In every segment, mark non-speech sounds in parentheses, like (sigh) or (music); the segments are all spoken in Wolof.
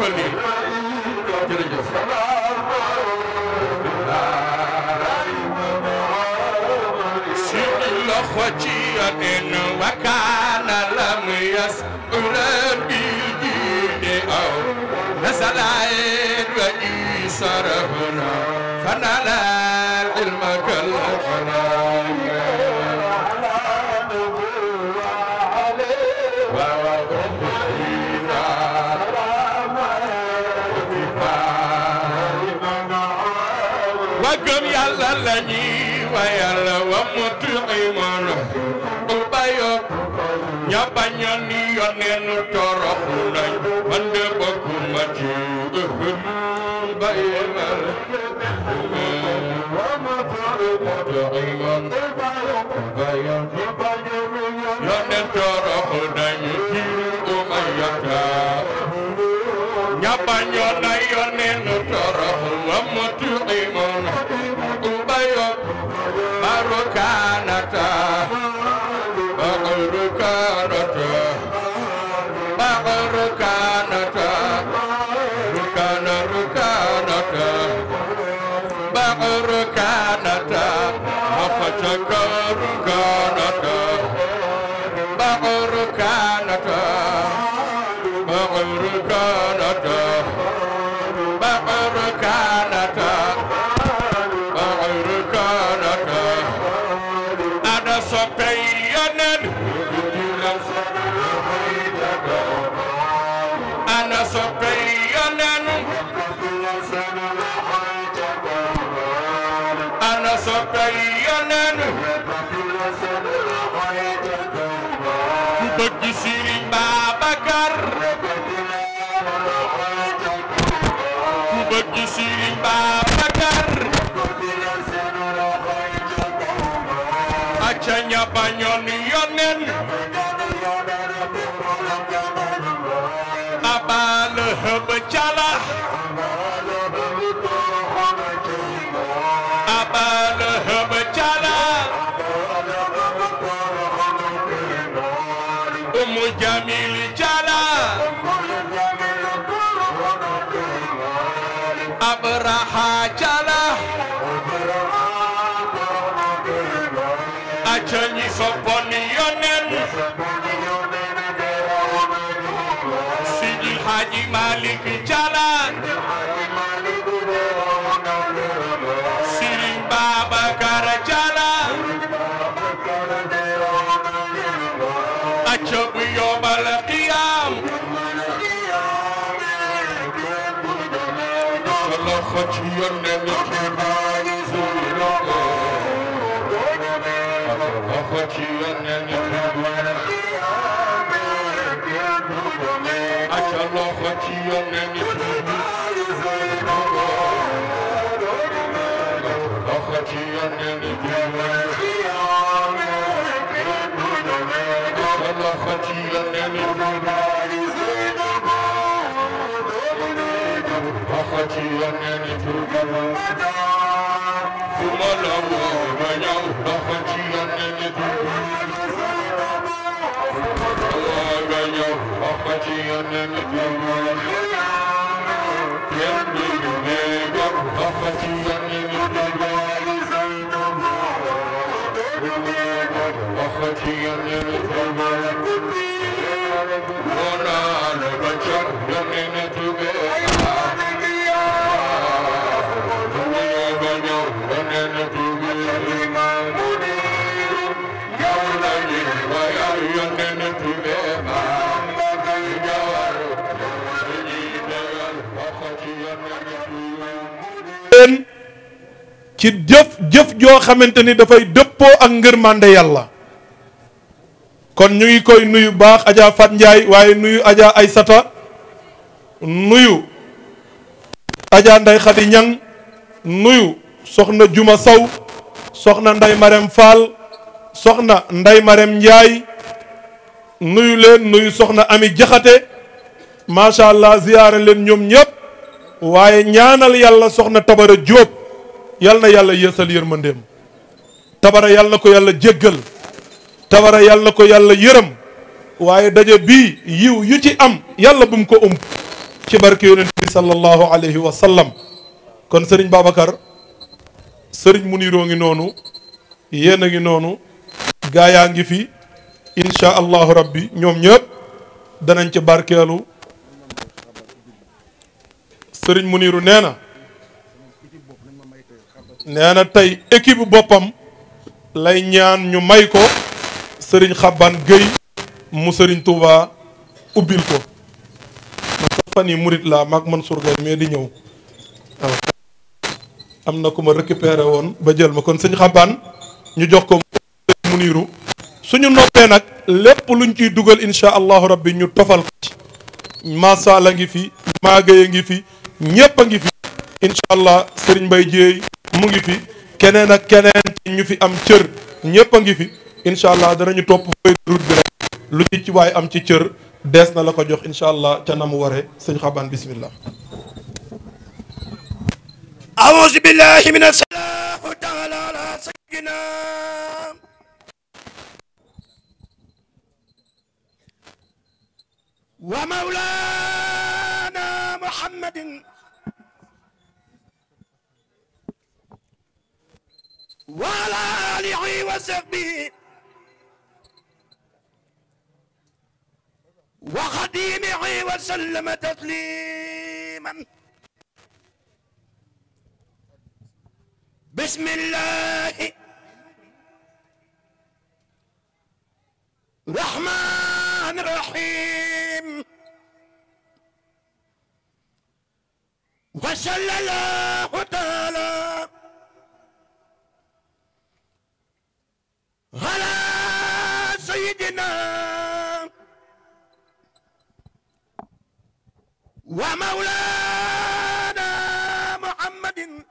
jërëjëf سلعين وإي سرفنا فنال العلم كالحرام وقم يلا لني ويلا ومتعمنا قلبا يوم يبنيني ينين ترحنا من دبو وجوده بين ومطعمة عيون بين يا نترى حنين a yoneen abaa lahab cala abaa lahab cala umu jamil cala abraha cala ni funny. wati yanani turgama kuma lawo bayau ba wati yanani turgama bayau ba wati yanani turgama yanni ne ga ba wati yanani turgama Ahmeti yanını kurban Ona albaçak yanını ci jëf jëf joo xamante ni dafay dëppoo ak ngërmande yàlla kon ñuy koy nuyu baax Adja Fat Ndiaye waaye nuyu Adja Aysata nuyu Adja Ndey Xadi Ñang nuyu soxna Juma Sow soxna nday Marem Fall soxna nday Marem Ndiaye nuyu leen nuyu soxna Ami Jaxate macha allah ziyaare leen ñoom ñëpp waaye ñaanal yàlla soxna Tabara Jóob yal na yàlla yeesal yërmandeem tabara yal na ko yàlla jéggal tabara yal na ko yàlla yërëm waaye daje bii yiw yu ci am yàlla bum ko ëmb ci barke yonent bi sallallahu alayhi wa sallam kon sëriñ Babacar sëriñ Muniiroo ngi noonu yéen a ngi noonu gaa yaa ngi fi incha allahu rabbi ñoom ñëpp danañ ci barkeelu sëriñ Muniiru nee na nee na tey équipe boppam lay ñaan ñu may ko sëriñ Xaban Gueye mu sëriñ Touba ubbil ko man sax fan yi murit laa mag Mansour Gueye mais di ñëw waaw am na ku ma récupéré woon ba jël ma kon sëñ Xaban ñu jox ko mu niiru suñu noppee nag lépp luñ ciy dugal insha allahu rabbi ñu tofal ko ci Masala ngi fi Magueye ngi fi ñépp a ngi fi incha allah sëriñ Mbaye Dieye mu ngi fi keneen ak keneen ñu fi am cër ñëpp ngi fi incha allah danañu topp fooy route bi rek lu ci waaye am ci cër des na la ko jox incha ca na mu waree sëñ xaban bismillah وعلى آله وصحبه وخديمه وسلم تسليما بسم الله الرحمن الرحيم وصلى الله تعالى على سيدنا ومولانا محمد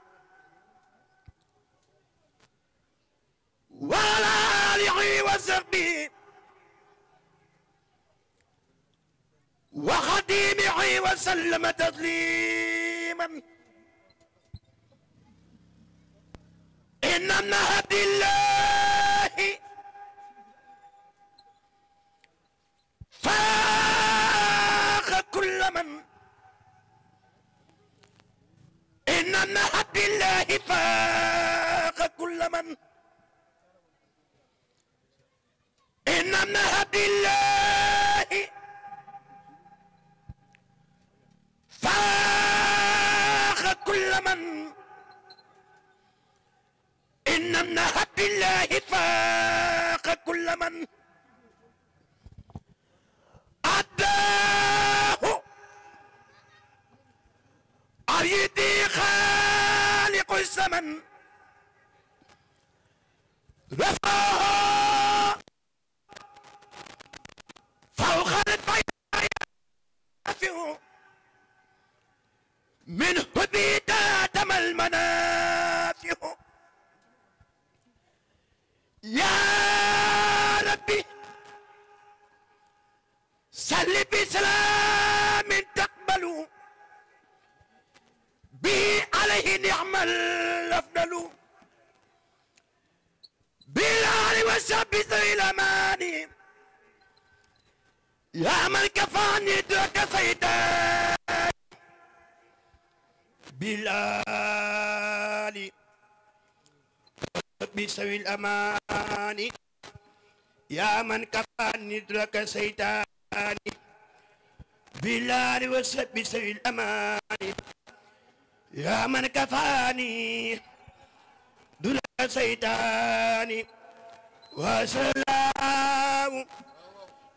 وعلى آله وصحبه وخديمه وسلم تسليما انما هدي الله فاق كل من انما هدي الله فاق كل من انما هدي الله فاق كل من إن من حب الله فاق كل من أداه أيدي خالق الزمن رفعها فوق البيت منه بيتا تم المنام يا ربي سل بسلام تقبل بي عليه نعم الافضل بالآل والشعب إلى ماني يا من كفاني ترك سيدا بالآل بسوي الأمان يا من كفاني ندرك سيطاني بالله وسب بسوي الأمان يا من كفاني دلك سيطاني وسلام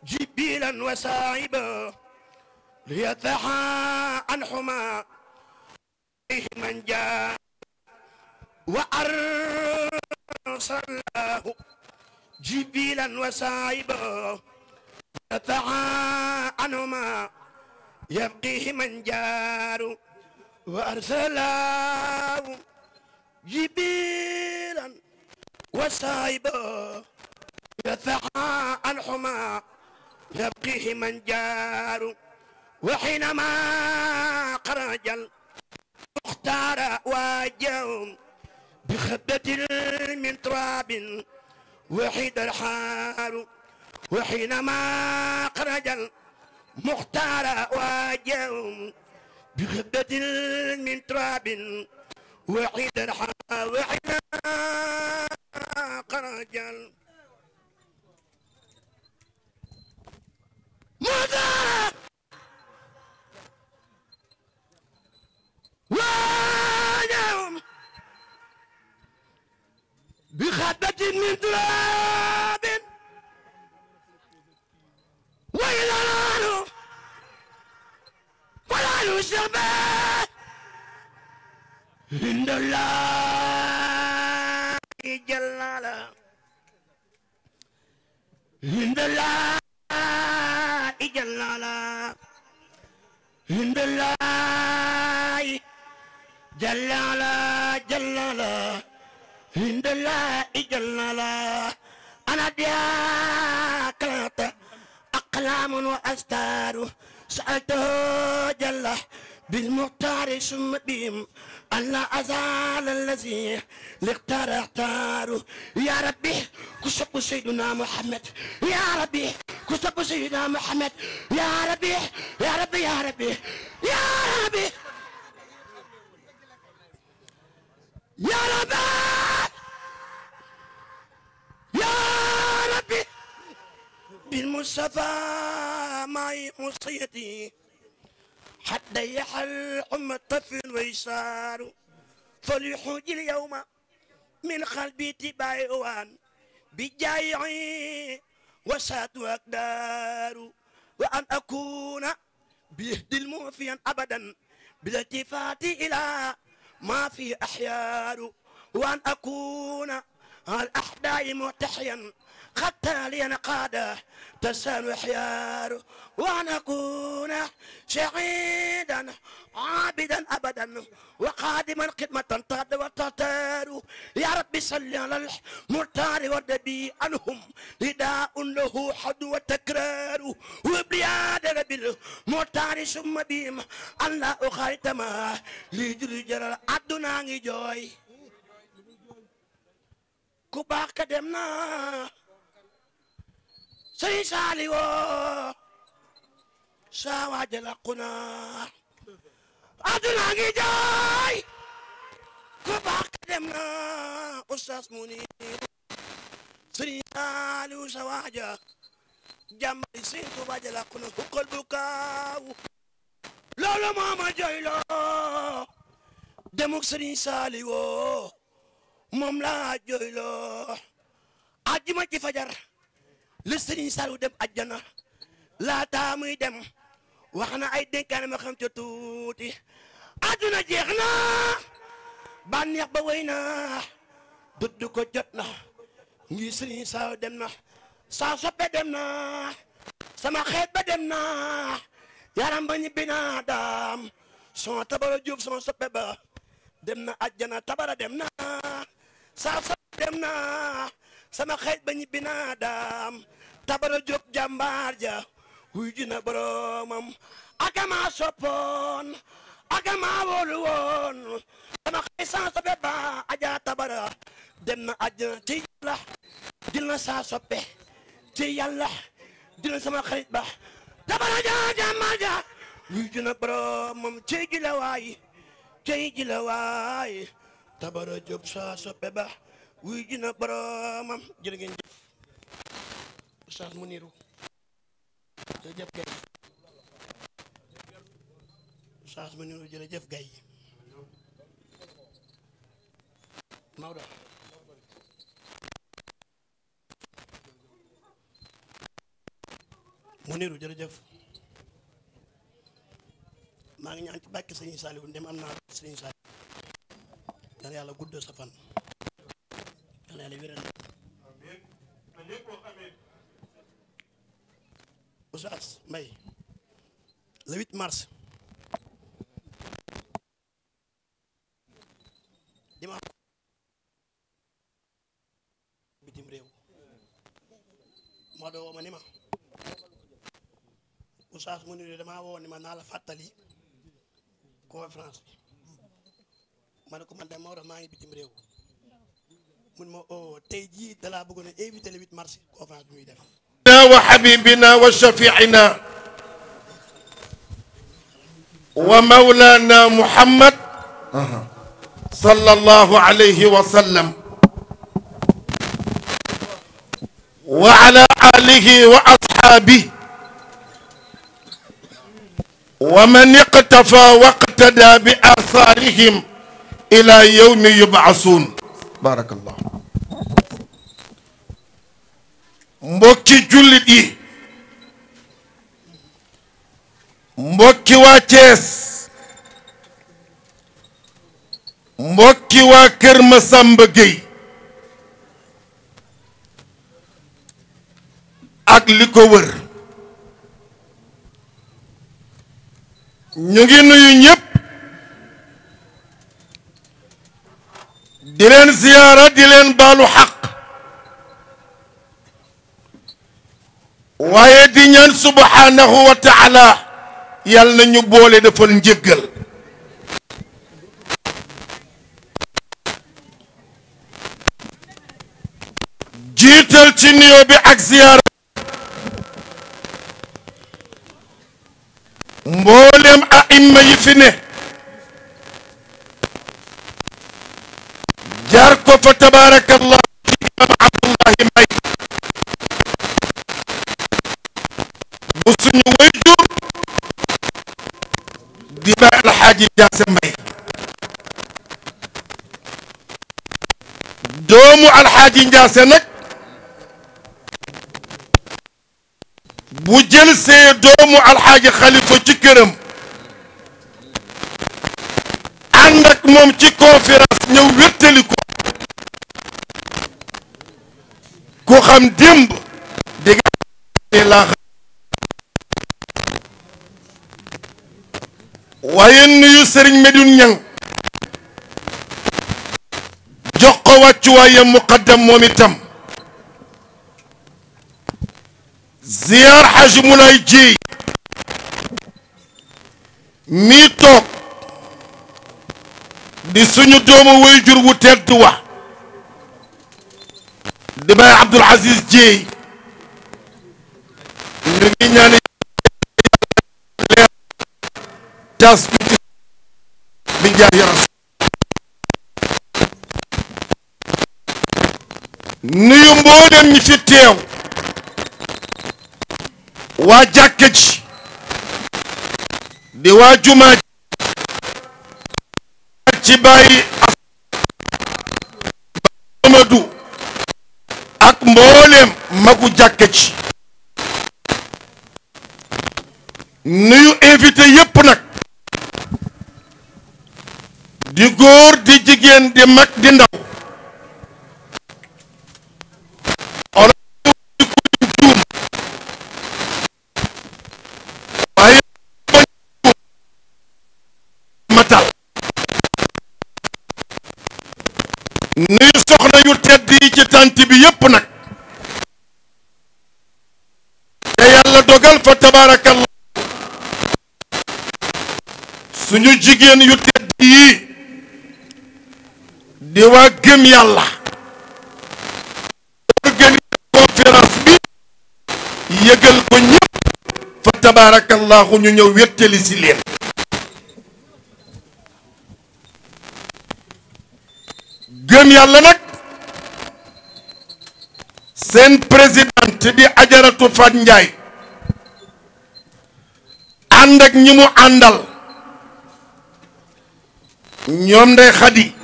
جبيلا وصعيبا ليتحى عن حما من جاء وأر صلاه جبيلا وسائبا قطعا عنهما يبقيه من جار وأرسلاه جبيلا وسائبا قطعا عنهما يبقيه من جار وحينما خرج المختار واجه بخبة من تراب وحيد الحار وحينما خرج المختار واجهم بخبة من تراب وحيد الحار وحينما أخرج ماذا؟ تراب وإذا نالوا فلا يشرب عند الله جل عند الله سألته جل بالمختار شم بهم ألا أزال الذي لاختار اختاره يا ربي كسب سيدنا محمد يا ربي كسب سيدنا محمد يا ربي يا ربي يا ربي يا ربي يا ربي يا ربي بالمصطفى ماي وصيتي حتى يحل أم الطفل ويسار فليحوج اليوم من قلبي تبايوان بجايعي وساد وأقدار وأن أكون بيهدي الموفيا أبدا بالالتفات إلى ما في أحيار وأن أكون الأحداء متحيا قد أنا نقاده تسال حيار وأن أكون شهيدا عابدا أبدا وقادما خدمة تاد وتطار يا ربي صل على المرتار والنبي انهم نداء له حد وتكرار ربي المرتار ثم بهم الله أخيتما لجري جرى أدنى جوي ku baax sëriñ Saaliw saa waaja làqu na àdduna ngi jooy ku ustaas mu ni sëriñ Saaliw saa waaja jàmbari sëriñ Tuubaa ja làqu na hukkal bu kaaw loolu moo ma jooyloo demuk sëriñ laa jooyloo ajjuma ci fajar le sëriñ Saliou dem ajjana laata muy dem wax na ay dénkaane ma xam ca tuuti àdduna jeex na bànneex ba wéy na dudd ko jot na ngi sëriñ Saliou dem na sa soppe dem na sama xeet ba dem na yaram ba ñibbi na daam sama tabara juuf sama soppe ba dem na ajjana tabara dem na saa soppe dem na sama xaj ba ñibbi naa daam tabara jóg jàmbaar ja wuy ji na boromam akamaa soppoon akamaa wóolu sama xaj saa soppe ba ajaa tabara dem na àjjana ci yàlla jël na saa soppe ci yàlla jël na sama xarit ba tabara ja jàmbaar ja wuy ji na boromam ci ji la waay ci ji la waay tabara jóg saa soppe ba wuy ji na boromam jërë ngeen jëf ustaas mu niru jërëjëf gay ustaas mu niru jërëjëf gay Maodo mu niru jërëjëf maa ngi ñaan ci bàkki sëriñ Saliou ndem am naa sëriñ Saliou yàlla guddoo sa fan yàlla yàlla o Oustaz Mbaye le 8 mars março, bitim réew Maodo o ma ni ma de mu ni damaa woo ni ma naa la fàttali conférence é bi ma ne ko man de Maodo maa ngi bitim réew وحبيبنا وشفيعنا ومولانا محمد صلى الله عليه وسلم وعلى آله وأصحابه ومن اقتفى واقتدى بآثارهم إلى يوم يبعثون بارك الله mbokki jullit yi mbokki waa Cees mbokki waa Kër Masamba Gueye ak li ko wër ñu ngi nuyu ñëpp di leen ziyaara di leen baalu xaq waaye di ñaan subhanahu wa taala yàlla na ñu boole defal njëggal jiital ci nuyoo bi ak ziyaara mboolem aimma yi fi ne jaar ko fa tabaarakallah Alaaji Jaase Mbay doomu Alaaji Njaase nag bu jël see doomu Alaaji Xalifa ci këram ànd ak moom ci conférence ñëw wéttali ko ku xam démb di nga laa waaye nuyu sëriñ Medoune Niang jox ko wàccuwaayam muqaddam moom itam ziyaar xaji Mulaay Jéy mii toog di suñu doomu wayjur wu tedd wa di bay Abdul Aziz Jéy ñu ngi ñaan jas biti min jaar yaram nuyu mboolem ñi fi teew waa jàkka ji di waa jumaa ci bàyyi Amadou ak mboolem magu jàkka ji nuyu invité yépp nag di góor di jigéen di mag di ndaw nuy soxna yu tedd yi ci tànt bi yépp nag te yàlla dogal fa tabaarakallah suñu jigéen yu tedd yi di waa gëm yàlla organise conférence bi yëgal ko ñëpp fa tabaarakallaahu ñu ñëw wéttali si leen gëm yàlla nag seen présidente di ajaratu Fat Njaay ànd ak ñi mu àndal ñoom day xadi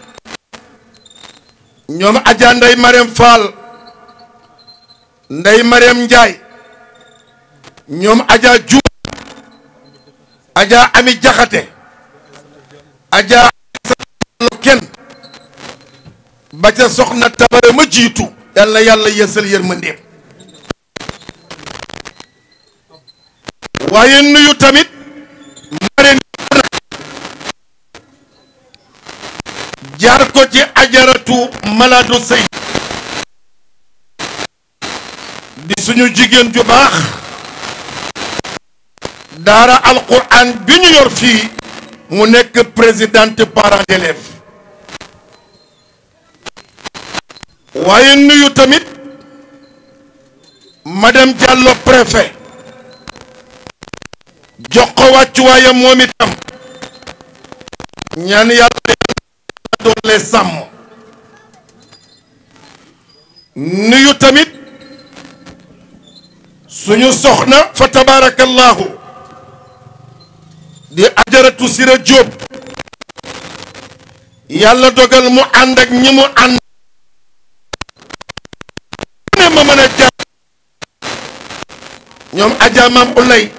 ñoom Adja Ndeye Marème Fall Ndeye Marème Ndiaye ñoom Adja Diouf Adja Ami Diakhaté Adja kenn ba soxna tabare ma jiitu yàlla yàlla yeesal yërmandeem waaye nuyu tamit jot ko ci ajaratu malaatu sëy di suñu jigéen ju baax daara alquran bi ñu yor fii mu nekk présidente parents waaye nuyu tamit madame Diallo préfet jox ko wàccuwaayam moom itam ñaan yàlla doole sàmm nuyu tamit suñu soxna fa tabaarakallaahu di ajaratu Sira Jóob yàlla dogal mu ànd ak ñi mu ànd ne ñoom Adja Maam Ulay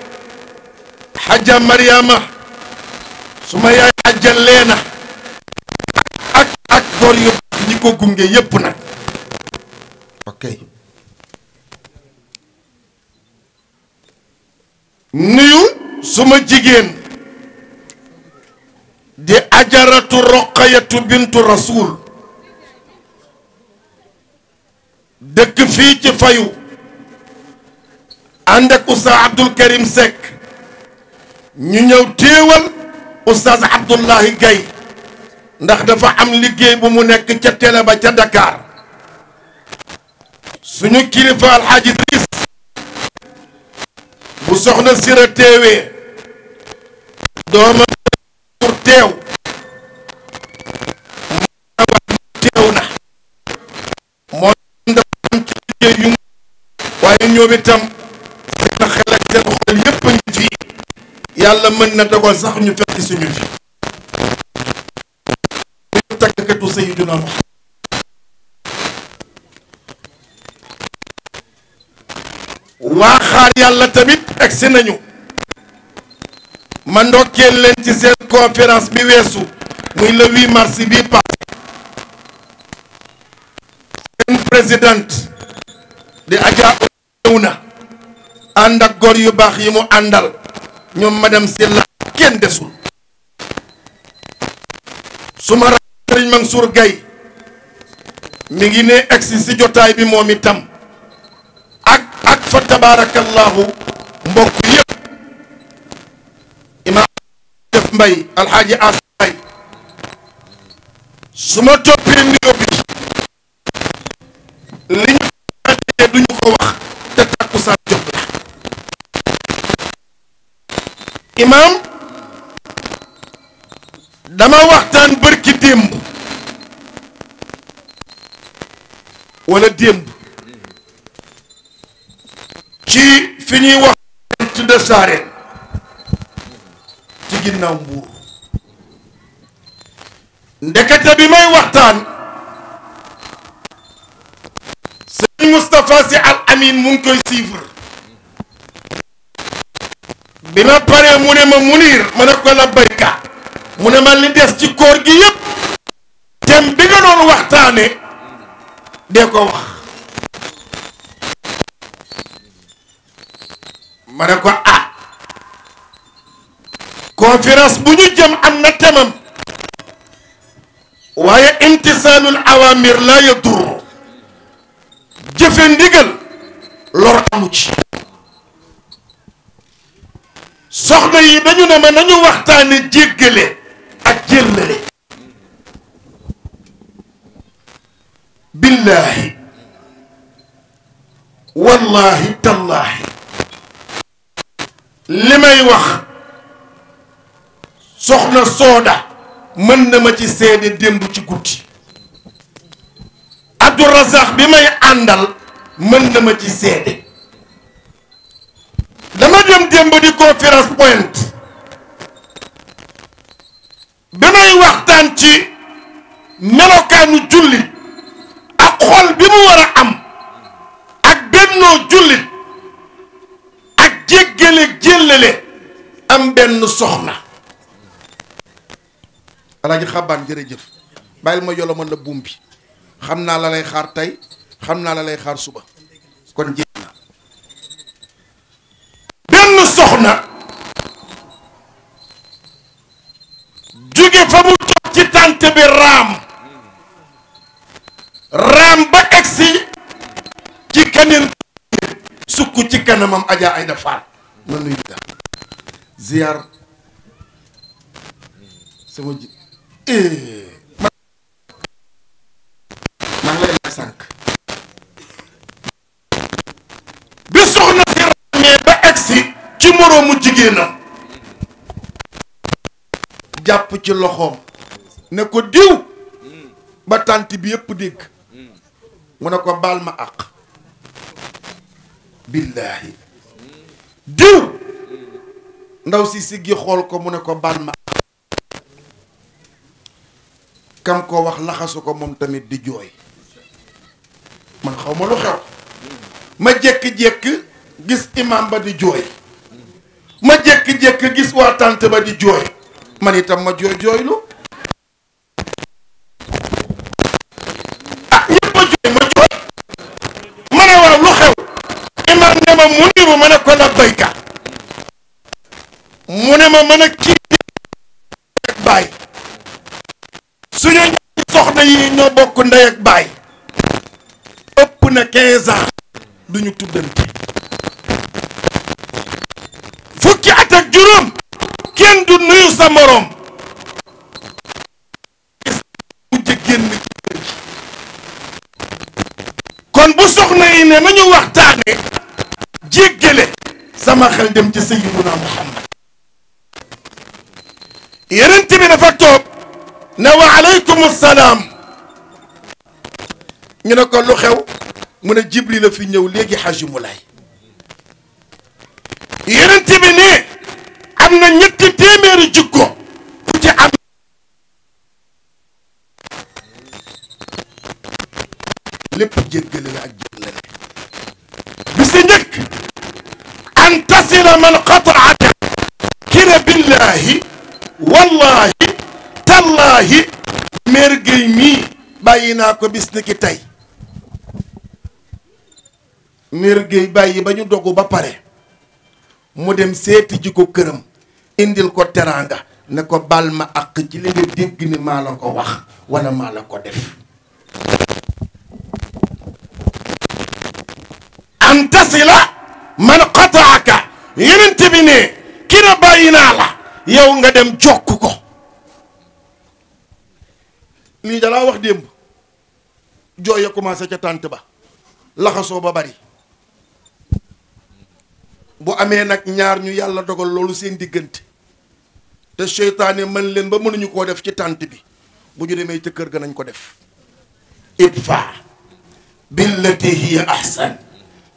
Adja Mariama su yaay Adja Leena ko gunge yépp nag ok nuyu suma jigéen di ajaratu roqayatu bintu rasul dëkk fii ci fayu ànd ak oustaz abdul karim Seck ñu ñëw téewal oustaz abdullahi gay ndax dafa am liggéey bu mu nekk ca télé ba ca Dakar suñu kilifa alxaaji Idriss bu soxna sira teewee dooma pour teew moo teew na moo dafa am ci liggéey yu waaye ñoom itam seen xel seen xol yépp a fi yàlla mën na dogal sax ñu fekk suñu fi Seydina waa xaar yàlla tamit egsi nañu ma ndokkeel leen ci seen conférence bi weesu muy le 8 bi passé seen présidente di Adja na ànd ak góor yu baax yi mu àndal ñoom madame Sylla kenn desul Serigne Mansour Gaye ngi ne agsi si jotaay bi moom itam ak ak fa tabaarakallaahu mbokk yëpp mbay alxaaji as mbay su ma toppee nuyoo bi li ñu xamante duñu ko wax te tàkku saa jot la imaam dama waxtaan bërki démb wala démb ci fi ñuy wax tudde saareen ci ginnaaw mbuur ndekete bi may waxtaan sëñ Moustapha Sy Al Amine mu ngi koy suivre bi ma paree mu ne ma munir ma ne ko la béykat mu ne ma li des ci koor gi yëpp thème bi nga waxtaane dee ko wax ma ne ko ah conférence bu ñu jëm am na temam waaye imtisaalul awaamir laa yadur jëfe ndigal lor amu ci soxna yi dañu ne ma nañu waxtaane jéggale ak jëllale billaahi wallaahi tallaahi li may wax soxna sooda mën na ma ci seede démb ci guddi Abdourazaq bi may àndal mën na ma ci seede dama dem démb di conférence point damay waxtaan ci melokaanu jullit ak xol bi mu war a am ak bennoo jullit ak jéggale jéllale am benn soxna alaaji xabaan jërëjëf bàyyil ma yolo mën la buum bi xam naa la lay xaar tey xam naa la lay xaar suba kon jéem benn soxna jóge fa ci tànt bi raam raam ba egsi ci kaneen sukk ci kanamam Adja Aïda Fall ma nuyu da ziar sama ji eh, maa ngi lay laaj sànq bi soxna raamee ba egsi ci moroomu jigéenam jàpp ci loxoom ne ko diw ba tànt bi yëpp dégg mu ne ko baal ma àq billaahi diw ndaw si siggi xool ko mu ne ko baal ma àq kam ko wax laxasu ko moom tamit di jooy man xaw ma lu xew ma jékk jékk gis imam ba di jooy ma jékki jékk gis waa tànt ba di jooy man itam ma jooy jooylu ah ñëpp ma jooy ma jooy ma ne waaw lu xew imam ne ma mu niru ma ne ko la bayka mu ne ma mën a kii ak baay suñu ñaari soxna yi ñoo bokk ndey ak baay ëpp na quinze ans duñu tuddante fukki at ak juróom kenn du nuyu sa morom mujj génn ci kër gi kon bu soxna yi ne nañu waxtaane jéggale sama xel dem ci sayyiduna muhammad yonent bi dafa toog ne wa aleykum salaam ñu ne ko lu xew mu ne jibril la fi ñëw léegi xaji mu laay bi ne am na ñetti téeméeri jikko bu ci am lépp jéggale la ak bi si njëkk an tasila man qataaka kira billahi wallahi tallahi mergey mii bàyyi naa ko bis ni ki tey mergey bàyyi ba ñu dogu ba pare mu dem seeti ji këram indil ko teraanga ne ko bal ma àq ci li dégg ni maa la ko wax wala maa la ko def an la man qataaka yonent bi ne na bàyyi naa la yow nga dem jokk ko lii dalaa wax démb jooy ya commencé ca tànt ba laxasoo ba bari bu amee nag ñaar ñu yàlla dogal loolu seen diggante te seytaane man leen ba mënuñu ko def ci tante bi bu ñu démé ci kër ga nañ ko def idfa billati hi ahsan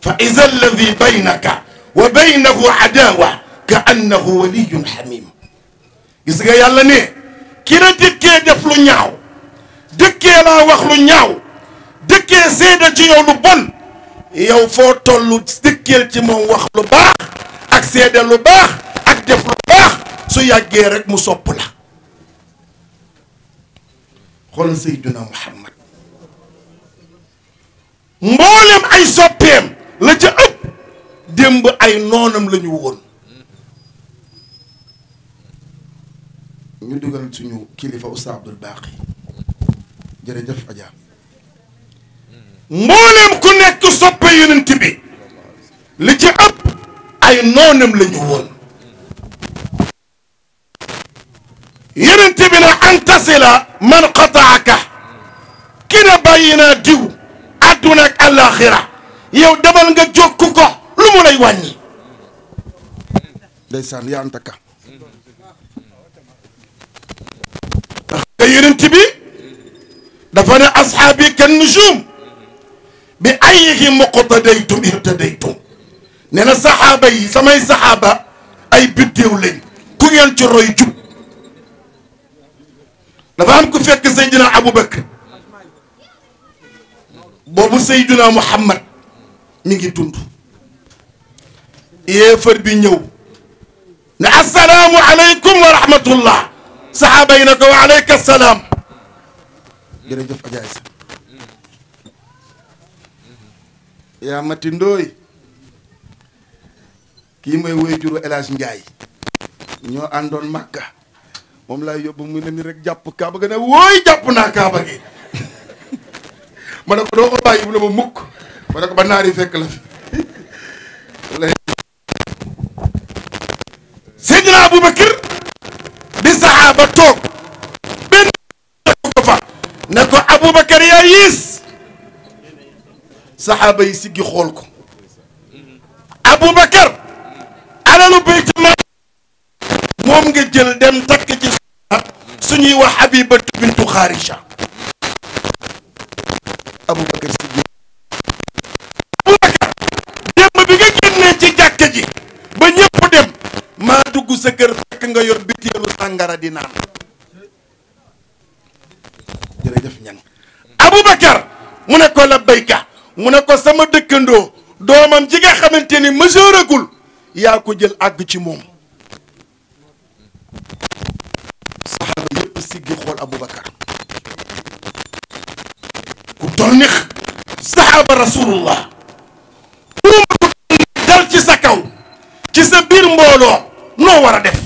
fa iza alladhi baynaka wa baynahu adawa ka annahu waliyun hamim gis nga yàlla ne ki la dikké def lu ñaaw dikké la wax lu ñaaw dikké seede ci yow lu bon yow fo tollu dikkel ci mom wax lu baax ak seede lu baax yàgg def lu baax su yàggee rek mu sopp la xoolal Seydina Muhammad mboolem ay soppeem la ca ëpp démb ay noonam lañu woon ñu dugal suñu kilifa Oustaz Abdul Baqi jërëjëf ku nekk soppa yonent bi li ci ëpp ay noonam lañu woon يرنتبنا أن تصل من قطعك كنا بينا ديو أدونك الآخرة يو دبل نجا جوك كوكو لما لا يواني ديسان يا أنتك يرنتبي دفن أصحابي كالنجوم بأيهم مقتديتم اهتديتم نحن صحابي سمي صحابة أي بديولين كوين تروي جب نفهم كفك سيدنا أبو بكر بابو سيدنا محمد ميغي توند يفر بي نيو السلام عليكم ورحمه الله صحابينك وعليك السلام جرجف اجايس يا ماتيندوي كي موي ويجورو الاج نجاي ньо اندون مكه moom laay yóbbu mu ne ni rek jàpp kaaba ga naa wooy jàpp naa kaaba gi (laughs) ma ne ko doo ko mukk ma ne ba naari fekk la fi (laughs) Seydina Aboubacar di saxaaba toog benn ko ko Aboubacar yaa yiis saxaaba yi siggi xool ko Aboubacar alalu bayt moom nga jël dem takk ci ñuy wax Habibatu bintu Xaarisha Aboubacar Siddiq Aboubacar démb bi nga génnee ci jàkka ji ba ñëpp dem maa dugg sa kër fekk nga yor biteelu sàngara di naan jërëjëf ñan Aboubacar mu ne ko la bayka mu ne ko sama dëkkandoo doomam ji nga xamante ni majeuragul yaa ko jël àgg ci moom Abubakar ku toll ni saxaaba rasulullah pour dal ci sa kaw ci sa biir mbooloo noo war a def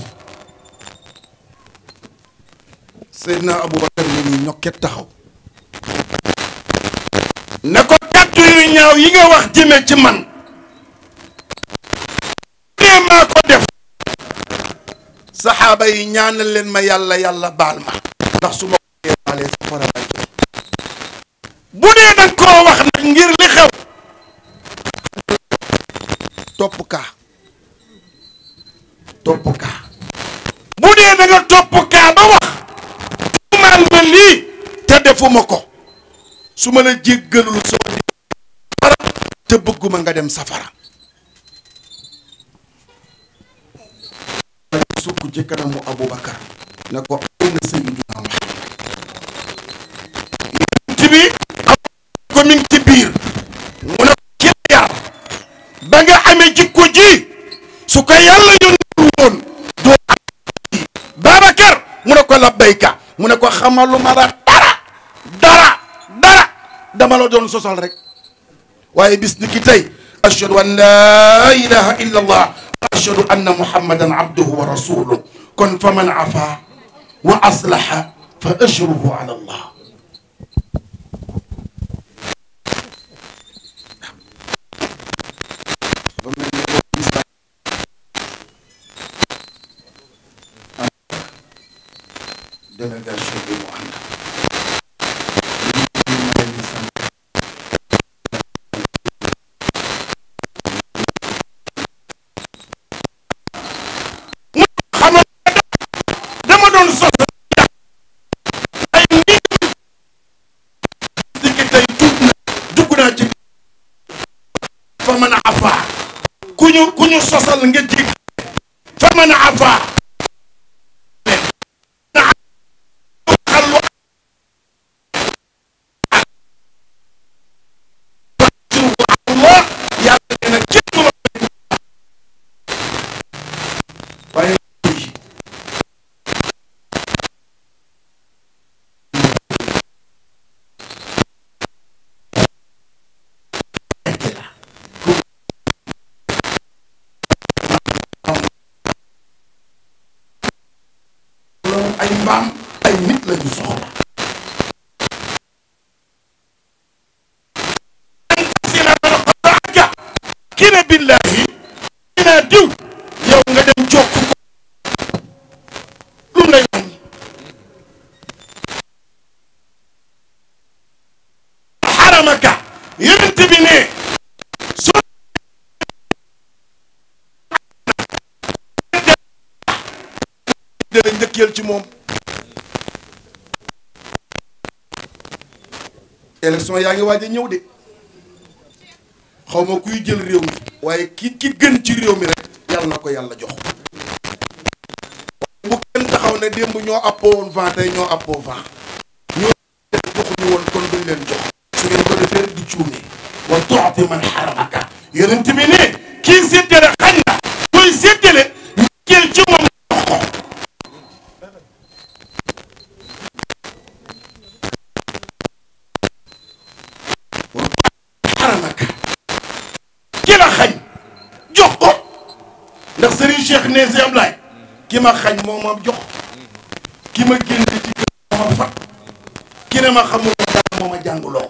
Seydina Abubakar la ñuy ñokket taxaw ne ko kàddu yu ñaaw yi nga wax jëme ci man nee maa ko def saxaaba yi ñaanal leen ma yàlla yàlla baal ma ndax su ma ko yeewalee safara laa jëm bu dee danga koo wax nag ngir li xew topp kaa topp kaa bu dee danga topp kaa ba wax tuumaal ma lii te defuma ko su ma la jéggalul soo di safara te bëgguma nga dem safara sukk ci kanamu Abubakar ne ko aw na sëñ bi Mbayka mu ne ko xamalu ma la dara dara dara dama la doon sosal rek waaye bis ni ki tey ashhadu an laa ilaha illa allah ashhadu anna muhammadan abduhu wa rasuluh kon fa afa wa aslaha fa ajruhu ala allah Sall nga jig fa mën a afaa moom élection yaa ngi waaj ñëw de xaw ma kuy jël réew mi waaye ki ki gën ci réew mi rek yàlla na ko yàlla jox bu kenn taxaw ne démb ñoo àppoo woon vent tey ñoo àppoo vent ñoo joxuñu woon kon duñ leen jox su ngeen ko defee du cuune wa tuuti man xaramaka yonent bi ne kii séddale xañ na ne ki ma xañ moo ma jox ki ma génn ci kër moo ma fat ki ne ma xamul ma jàng moo ma jànguloo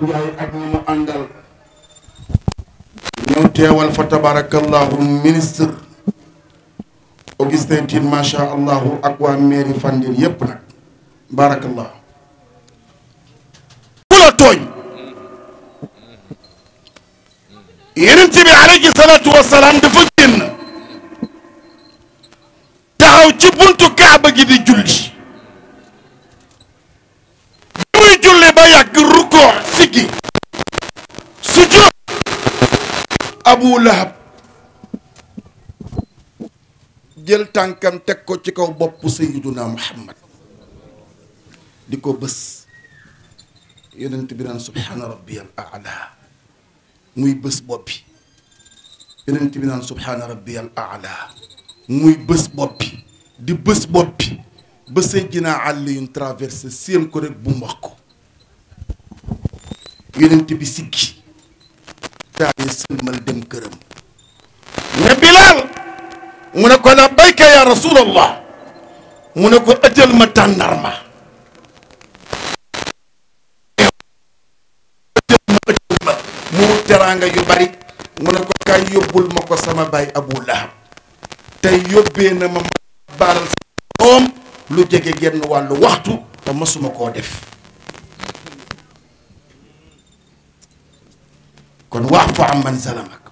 Njaay ak ñi fa tabarakallahu ministre Augustin Tine macha allahu ak waa mairie Fandil yépp barakallahu ku la tooñ yeneen bi alayhi salaatu wasalaam dafa génn taxaw ci buntu kaaba gi bi julli ba yàgg abu lahab jël tànkam teg ko ci kaw bopp sayyiduna muhammad di ko bés yonent bi naan subhaana rabbiyal aala muy bés bopp bi yonent bi naan subhaana rabbiyal aala muy bés bopp bi di bés bopp bi ba sayyidina Aliyun traversé séen ko rek bu mu ko yonent bi siggi daal di sëlmal dem këram ne Bilal mu ne ko labbayka ya rasulallah mu ne ko ëjjal ma tàndarma ëjjal ma ëjjal teraanga yu bari mu ne ko kaay yóbbul ma ko sama baay Abu Lahab tey yóbbee na ma baaral sa doom lu jege genn wàllu waxtu te masuma koo def kon wax fa am man zalamak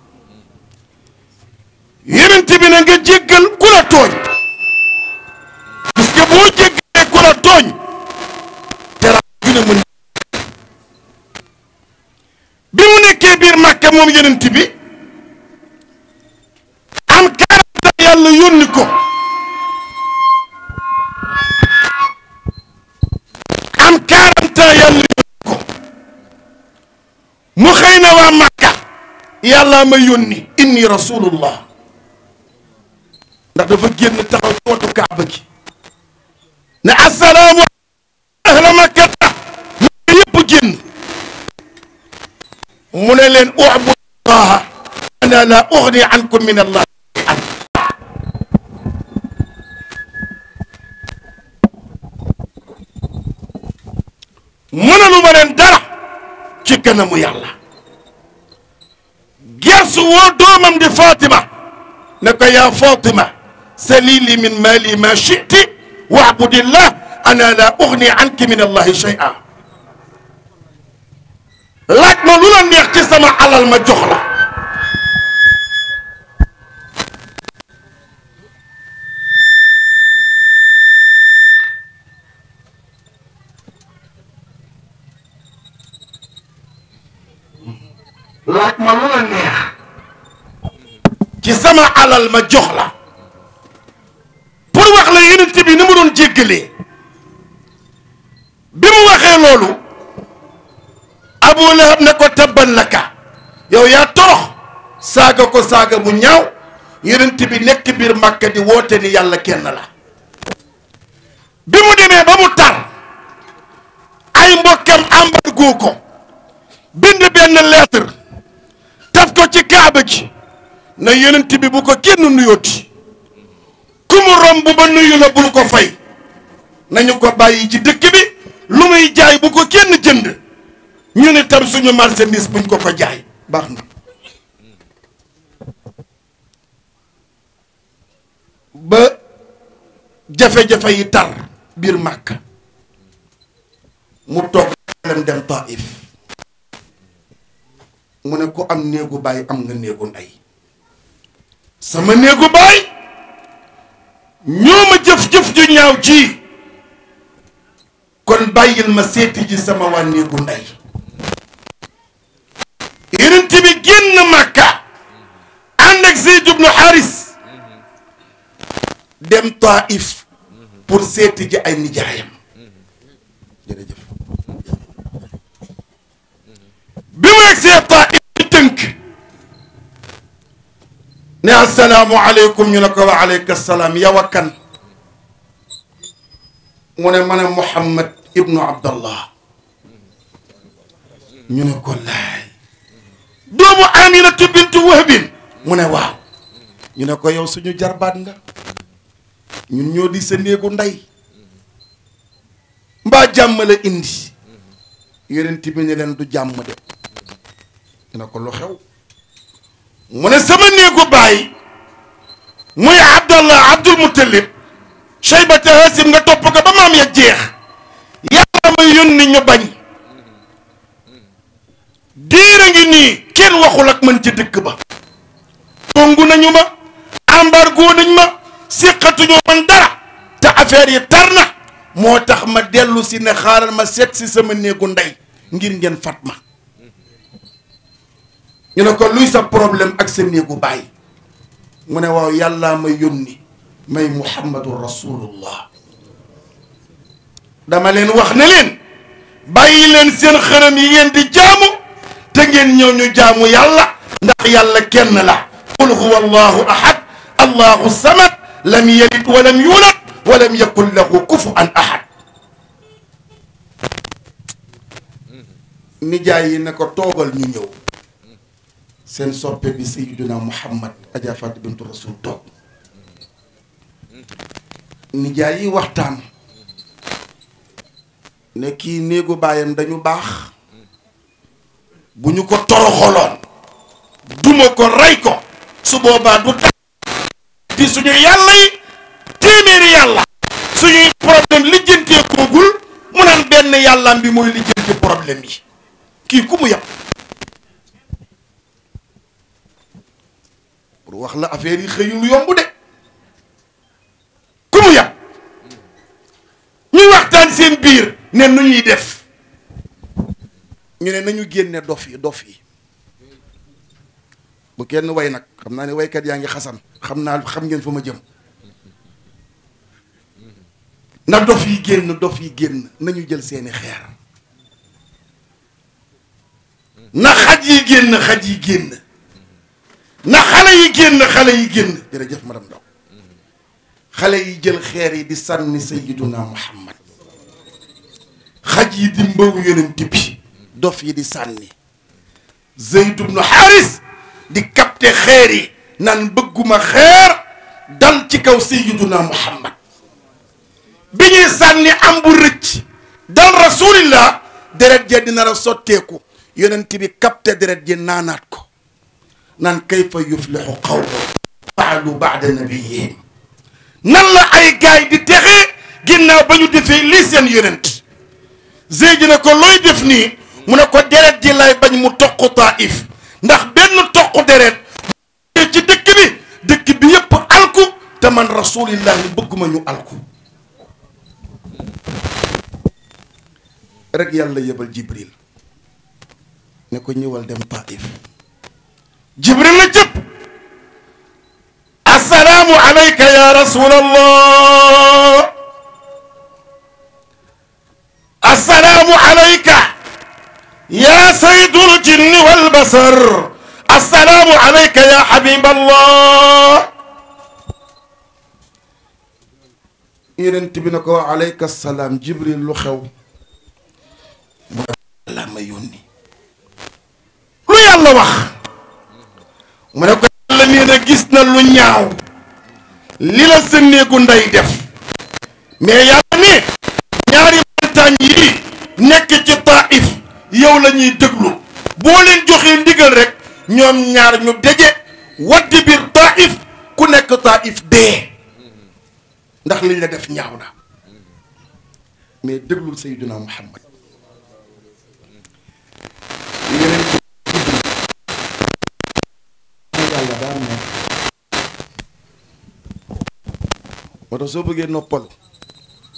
yonent bi na nga jéggal ku la tooñ parce que boo jéggalee tooñ te la gën a bi mu nekkee biir màkka moom yonent bi am kaarata yàlla yónni ko يلا ما يوني اني رسول الله ندا فجين تاوتو كعبك نعسلام السلام اهل مكه ييب جين منلن اعبد الله انا لا اغني عنكم من الله منو منن دره كي كانو يالله ودومم دي فاطمة نكا يا فاطمة سليلي من مالي ما شئت واعبد الله أنا لا أغني عنك من الله شيئا لك ما لولا نيختي على المجهره sama alal ma jox la pour wax la yenent bi ni mu doon jéggalee bi mu waxee loolu Abu Lahab ne ko tabban laka yow yaa torox saaga ko saaga bu ñaaw yenent bi nekk biir Màkka di woote ni yàlla kenn la bi mu demee ba mu tar ay mbokkam embargo ko bind benn lettre taf ko ci kaaba gi na yonent bi bu ko kenn nuyooti ku mu romb ba nuyu la bul ko fay nañu ko bàyyi ci dëkk bi lu muy jaay bu ko kenn jënd ñu ne tam suñu marchandise buñ ko ko jaay baax na ba jafe-jafe yi tar biir màkk mu toog xelam mu ne ku am néegu bàyyi am nga néegu ndey sama néegu baay ñoo ma jëf-jëf ju ñaaw ji kon bàyyil ma seeti ji sama waa néegu ndey yonent bi génn màkka ànd ak Zayd ibnu Haris dem Taif pour seeti ji ay nijaayam jërëjëf bi mu egsee ne assalaamu aleykum ñu ne ko wa aleyka salaam yow a kan mu ne ma ne Muhammad ibnu Abdallah ñu ne ko laay doomu Aminatu bintu Wahbin mu ne waaw ñu ne ko yow suñu jarbaat nga ñun ñoo di sa néegu ndey mbaa jàmm la indi yeneen bi ne leen du jàmm de ñu ne ko lu xew mu ne sama néegu baay muy abdallah abdul muttalib cheybata hasim nga topp ko ba maam ya jeex yàlla ma yónni ñu bañ diira ngi nii kenn waxul ak man ci dëkk ba tongu nañu ma embargo nañ ma séqatuñoo man dara te affaire yi tar na moo tax ma dellu si ne xaaral ma seet si sama néegu ndey ngir ngeen fat ma ñu ne ko luy sa problème ak sa néegu bay mu ne waaw yalla ma yónni may muhammadur rasulullah dama len wax ne len bàyyi len seen xërëm yi ngeen di jaamu te ngeen ñëw ñu jaamu yàlla ndax yàlla kenn la qul huwa allahu ahad allahu samad lam yalid walam yulad walam yakul lahu kufuwan ahad nijaay yi ne ko togal ñu ñëw Sensor soppe bi sayyiduna muhammad Adja bint rasul tok ni jaay yi waxtan ne ki neegu bayam dañu bax buñu ko toroxolon duma ko ray ko su boba du di suñu yalla yi téeméeri yalla suñu problème lijjantee koogul mu naan benn yàllaam bi mooy problème yi ki kumu yapp pour wax la affaire yi xëyul yomb de ku mu yàq ñuy waxtaan seen biir ne nu ñuy def ñu ne nañu génne dof yi dof yi bu kenn way nag xam naa ne waykat yaa ngi xasan xam naa xam ngeen fa ma jëm na dof yi génn dof yi génn nañu jël seeni xeer na xaj yi génn xaj yi génn na xale yi génn xale yi génn jërëjëf madame Ndaw xale yi jël xeer yi di sànni sayyiduna muhammad xaj yi di mbaw yonent bi dof yi di sànni zeyd ibnu xaaris di capté xeer yi naan bëgguma xeer dal ci kaw sayyiduna muhammad bi ñuy sànni am bu rëcc dal rasulillah deret ja dina la sotteeku yonent bi capté deret ji naanaat ko naan kayfa yuflixu xawm faalu baada nabiyihim nan la ay gaay di texe ginnaaw ba ñu defee lii seen yonent Zeyd ne ko looy def nii mu ne ko deret ji lay bañ mu toq Taif ndax benn toq deret ci dëkk bi dëkk bi yépp alku te man rasulillahi ma ñu alku rek yàlla yebal Jibril ne ko ñëwal dem Taif جبريل جب السلام عليك يا رسول الله السلام عليك يا سيد الجن والبصر السلام عليك يا حبيب الله يرنت تبينك عليك السلام جبريل لخو الله ما يوني لو يالله وخ mu ne ko yàlla nee na gis na lu ñaaw li la sa néegu ndey def mais yàlla ne ñaari montagne yi nekk ci taif yow la ñuy déglu boo leen joxee ndigal rek ñoom ñaar ñu daje waddi biir taif ku nekk taif dee ndax liñ la def ñaaw na mais déglul sayyiduna Muhammad moo tax soo bëggee noppalu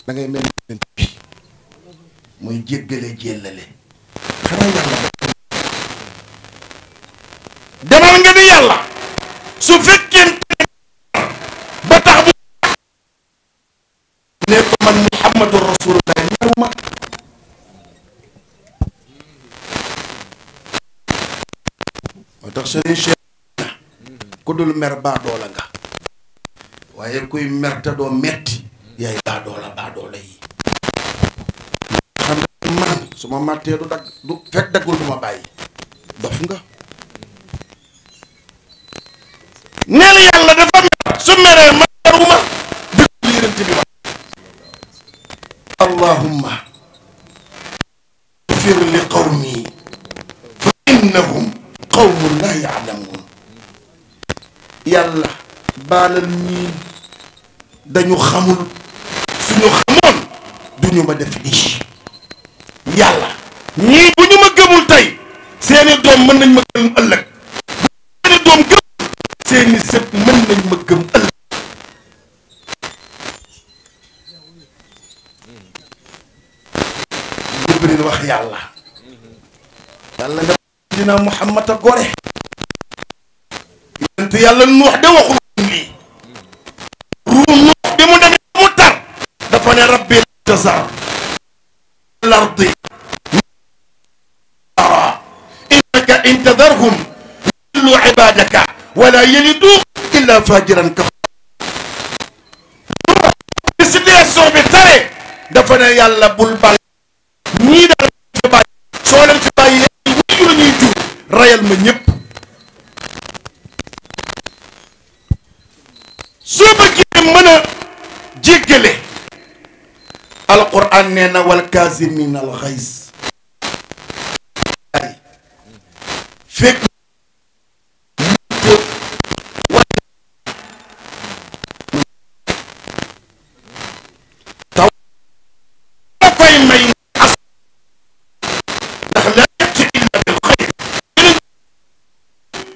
da ngay mel ni bi muy jéggale jéllale xanaa yàlla demal nga ni yàlla su fekkee ba tax bu ne ko man muhammadu rasulullah ñaaruma moo tax sëriñ Cheikh ku dul mer baa doola nga waaye kuy xam ma màttee du dagg du li qawmi fa innahum qawmun la yaalamuun yàlla baalal ñii dañu xamul suñu xamoon duñu ma def nii yàlla ñii bu ñu ma gëmul tey seeni doom mën nañ ma gëm ëllëg bu seeni doom gëm seeni sët mën nañ ma gëm ëllëg Jibril wax yàlla yàlla dina Muhammad a gore yonentu yàlla Nuux de waxul wala yalidu illa fajiran kafar bi situation bi tare dafa ne yàlla bul bàyyi daal fi bàyyi soo fi bàyyi ñii la jur rayal ma ñëpp soo bëggee mën a jéggale alquran nee na wal al xays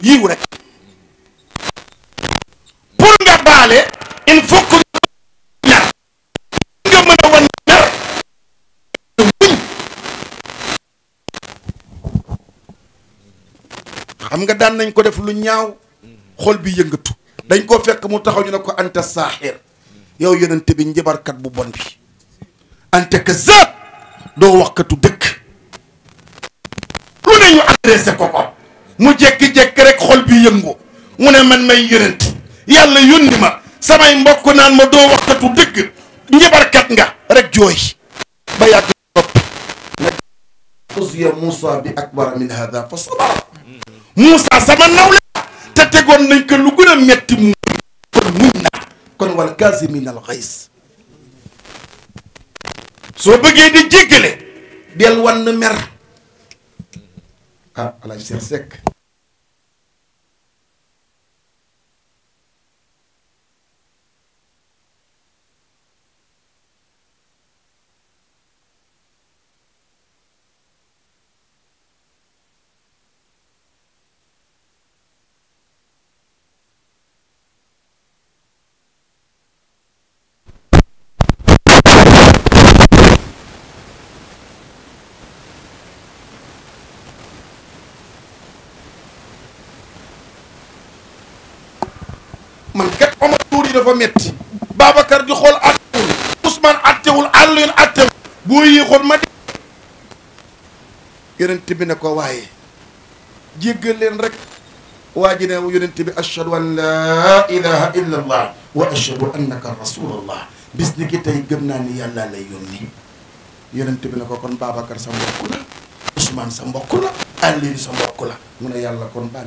yiw rek pour nga baale il faut nga mën a wan mer xam nga daan nañ ko def lu ñaaw xool bi yëngatu dañ koo fekk mu taxaw ñu ne ko anta saaxir yow yenent bi njabarkat bu bon bi anta kazaab doo waxkatu dëkk lu ne ñu adressé ko ko mu jekk jékki rek xol bi yëngu mu ne man may yonent yàlla yónni ma samay mbokk naan ma doo waxkatu dëgg njibarkat nga rek jooy ba yàgg bopp nag usiya Moussa bi akbara min hada fa sama nawle te tegoon nañ ko lu gën metti mu kon muñ na kon wal kaasimin al xays soo bëggee di jéggale del wan mer ah alhaji sec yi dafa metti babakar di xool attewul Ousmane attewul Alioune attewul boo yéexoon ma de yonent bi ne ko waye jéggal len rek waa ji ne yonent bi ashhadu an la ilaha illa allah wa ashhadu annaka rasulullah bis ni ki gëm ni yàlla lay yoni yonent bi ne ko kon babakar sa mbokula usman sa mbokula la sa mbokula mune yàlla kon baal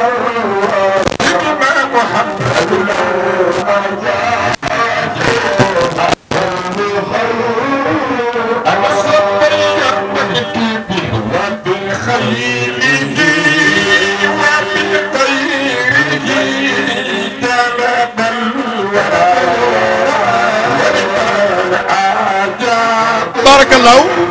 low.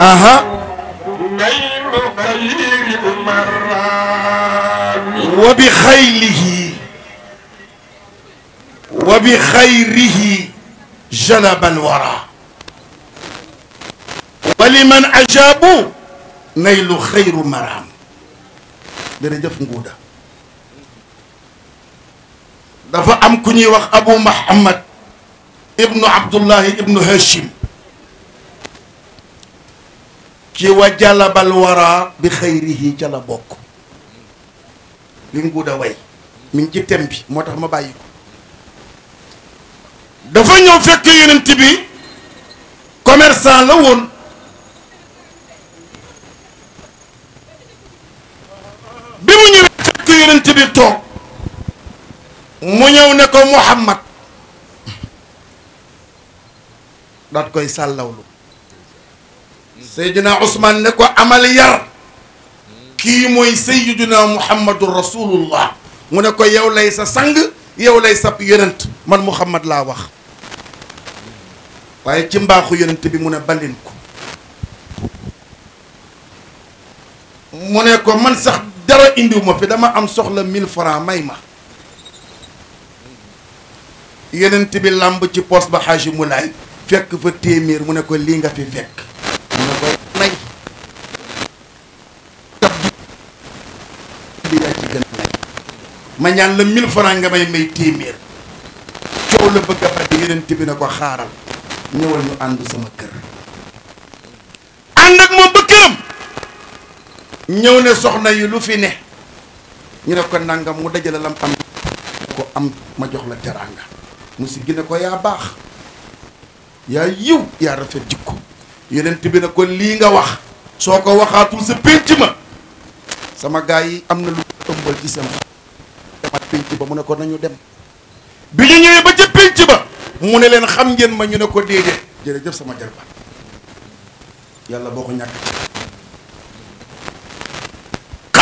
اها uh-huh. وبخيله وبخيره جلب الورى ولمن اجابوا نيلو خير مرام درجه فنغودا دافا ام كوني واخ ابو محمد ابن عبد الله ابن هاشم كي وجل بالورا بخيره جل بوك لينغودا واي من جي تمبي موتاخ ما بايكو دافا ньоو فك يوننتي بي كوميرسان لا وون bi mu ñëwee fekk yonent bi toog mu ñëw ne ko Muhammad daat koy sàllawlu Seydina Ousmane ne ko amal yar kii mooy Seydina Muhammadu Rasulullah mu ne ko yow lay sa sang yow lay sap yonent man mu Muhammad laa wax waaye ci mbaaxu yonent bi mu ne balin ko mu ne ko man sax dara indiw ma fi dama am soxla 1000 francs may ma yeneen bi làmb ci poste ba xaaji mu laay fekk fa téeméer mu ne ko lii nga fi fekk mu ne ko may ma ñaan la 1000 francs nga may may téeméer coow la bëgg a bari yeneen bi ne ko xaaral ñëwal ñu ànd sama kër ànd ak moom ba këram ñëw ne soxna yi lu fi ne ñu ne ko nangam mu dajale lam am ko am ma jox la teraanga mu si gine ko yaa baax yaa yiw yaa rafet jikko yonent bi ne ko lii nga wax soo ko waxaatul sa pénc ma sama gars yi am na lu ëmbal ci seen demaat pénc ba mu ne ko nañu dem bi ñu ñëwee ba ca pénc ba mu ne leen xam ngeen ma ñu ne ko déedéet jërëjëf sama jarbaat yàlla boo ko ñàkk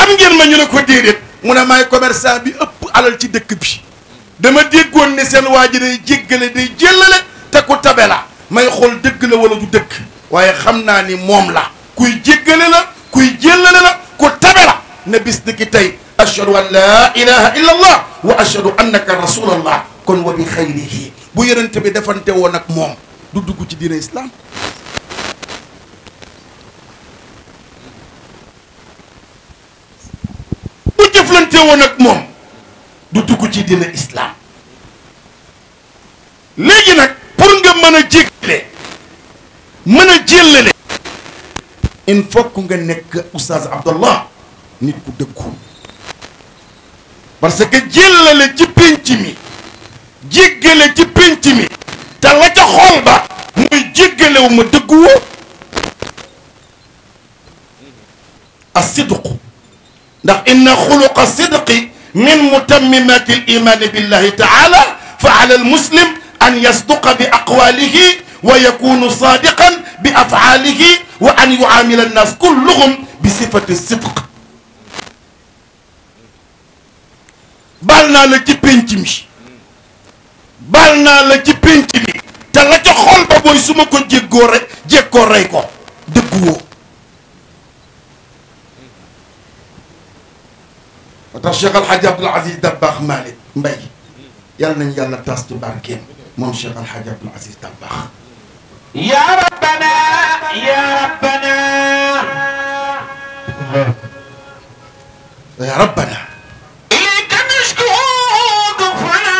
xam ngeen ma ñu ne ko déedéet mu ne maay commerçant bi ëpp alal ci dëkk bi dama déggoon ne seen waa ji day jéggale day jëllale te ku tabe la may xool dëgg la wala du dëkk waaye xam naa ni moom la kuy jéggale la kuy jëllale la ku tabe la ne bis ni ki tey ashhadu an laa ilaha illa allah wa ashhadu annaka rasulallah kon wa bi xayrihi bu yonente bi defante woon ak moom du dugg ci diine islam jëflante woon ak moom du dugg ci dina islaam léegi nag pour nga mën a jéggale mën a jéllale il faut nga nekk oustaz abdallah nit ku dëggu parce que jéllale ci pénc mi jéggale ci pénc mi te la ca xool ba muy jéggalewu ma dëgguwoo as sidqu ndax inna xuluqa sidqi min mutammimati l imani billahi taala fa ala al muslim an yasduqa bi aqwalihi wa yakunu sadiqan bi afaalihi wa an yuamila annas kulluhum bi sifati sidq baal naa la ci pénc mi baal naa la ci pénc mi te la ca xol ba booy su ma ko jéggoo rek jéggoo rey ko dëgguwoo الشيخ الحاج عبد العزيز دباخ مالك مبي يلا يلا تاس تباركين مام الشيخ الحاج عبد العزيز دباخ يا ربنا يا ربنا يا ربنا إليك نشكو ضفنا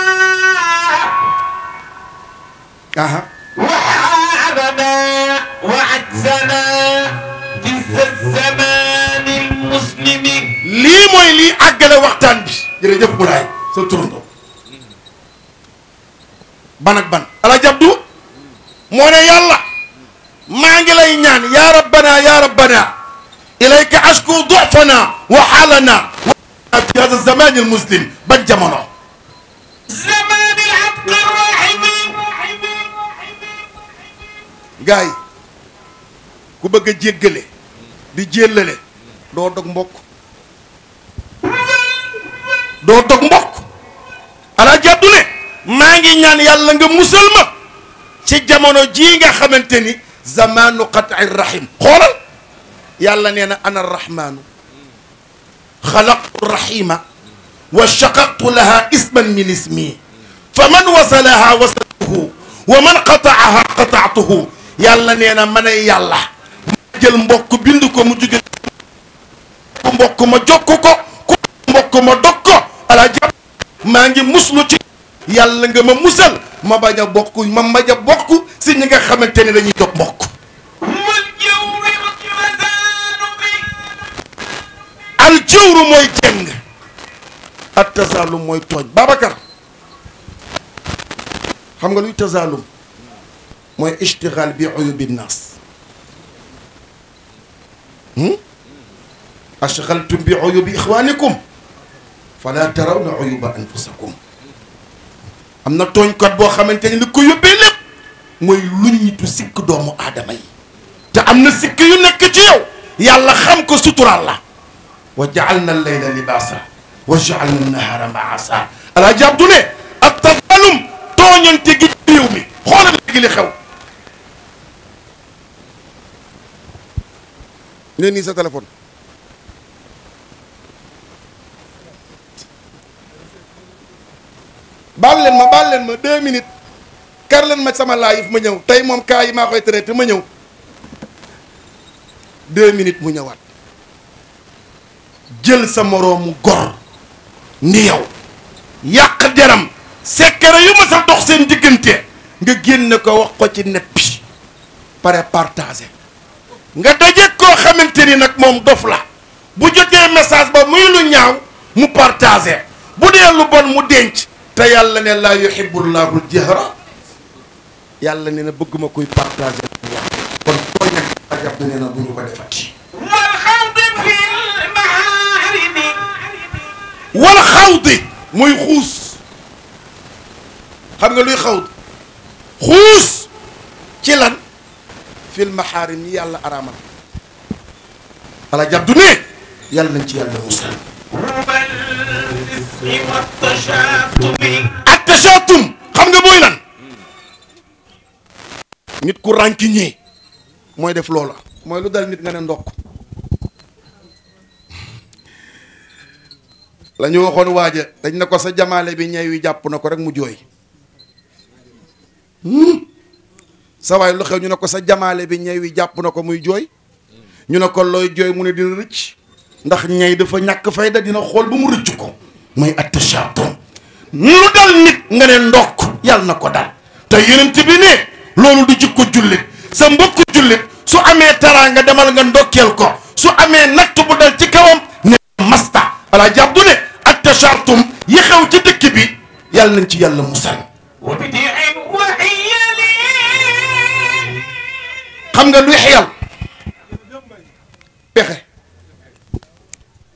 أها وحاربنا وعجزنا في الزمان lii mooy lii àggale waxtaan bi jërëjëf Moulay sa turando ban ban ala jabdu moo ne yàlla maa ngi lay ñaan yaa rabbana yaa rabbana ilayka ashku dufana wa xaalana wa fi hada zamani muslim ban jamono gaay ku bëgg a jéggale di jéllale doo dog mbokk doo dog mbokk alaaji Abdu ne maa ngi ñaan yàlla nga musal ma ci jamono jii nga xamante ni zamanu rahim xoolal yàlla nee ana arrahmanu xalaqtu rahima wa shaqaqtu laha isman min ismi faman man wasalaha wasaltuhu wa man qataaha qataatuhu yàlla nee na man ay yàlla ma jël mbokk bind ko mu jóge mbokk ma ala jàpp maa ngi muslu ci yàlla nga ma musal ma bañ a bokk ma bañ a bokk si ñi nga xamante ne dañuy dog mbokk al jawru mooy jeng ak tasaalum mooy tooñ Babacar xam nga luy tasaalum mooy ishtigaal bi uyubi naas hmm? ashgaltum bi uyubi ixwaanikum فلا ترون عيوب انفسكم امنا توغ كات بو خامتاني نكو يوبي لب موي لوني نيتو سيك دومو ادمي تا امنا سيك يو نك تييو يالا خام كو سوتور الله وجعلنا الليل لباسا وجعلنا النهار معاسا الا جابتوني التظلم توغنتي جي ريومي خول لي لي خاو ني ني سا تليفون baal leen ma baal leen ma deux minutes kar leen ma sama live ma ñëw tey moom kaa yi maa koy traité ma ñëw deux minutes mu ñëwaat jël sa moroomu gor ni yow yàq deram sekkere yu ma sa dox seen diggante nga génn ko wax ko ci net pare partagé nga daje koo xamante ni nag moom dof la bu jotee message ba muy lu ñaaw mu partagé bu dee lu bon mu denc te yàlla ne laa yuhibbullahu jahra yàlla ne na bëgguma kuy partager kon tooñ ak ajab ne na bu ñu ko defati wal xawdi fil maharimi wal xawdi muy xuus xam nga luy xawdi xuus ci lan fil maharim yi yàlla araamal ala jabdu ne yàlla nañ ci yàlla musal ak tashaatum xam nga mooy lan nit ku rànkiñee mooy def loola mooy lu dal nit nga ne ndokk la ñu waxoon waaja dañ ne ko sa jamaale bi ñeew yi jàpp na ko rek mu jooy hmm? sa waay lu xew ñu ne ko sa jamaale bi ñeew wi jàpp na ko muy jooy ñu ne ko looy jooy mu ne dina rëcc ndax ñay dafa ñàkk fayda dina xool ba mu rëcc ko mooy attachaaton lu dal nit nga ne ndokk yàlla na ko dal te yonent bi ne loolu du ko jullit sa mbokk jullit su amee nga demal nga ndokkeel ko su amee nag bu dal ci kawam ne masta walla jàpp ne attachaatum yi xew ci dëkk bi yàlla nañ ci yàlla musal xam nga luy xeyal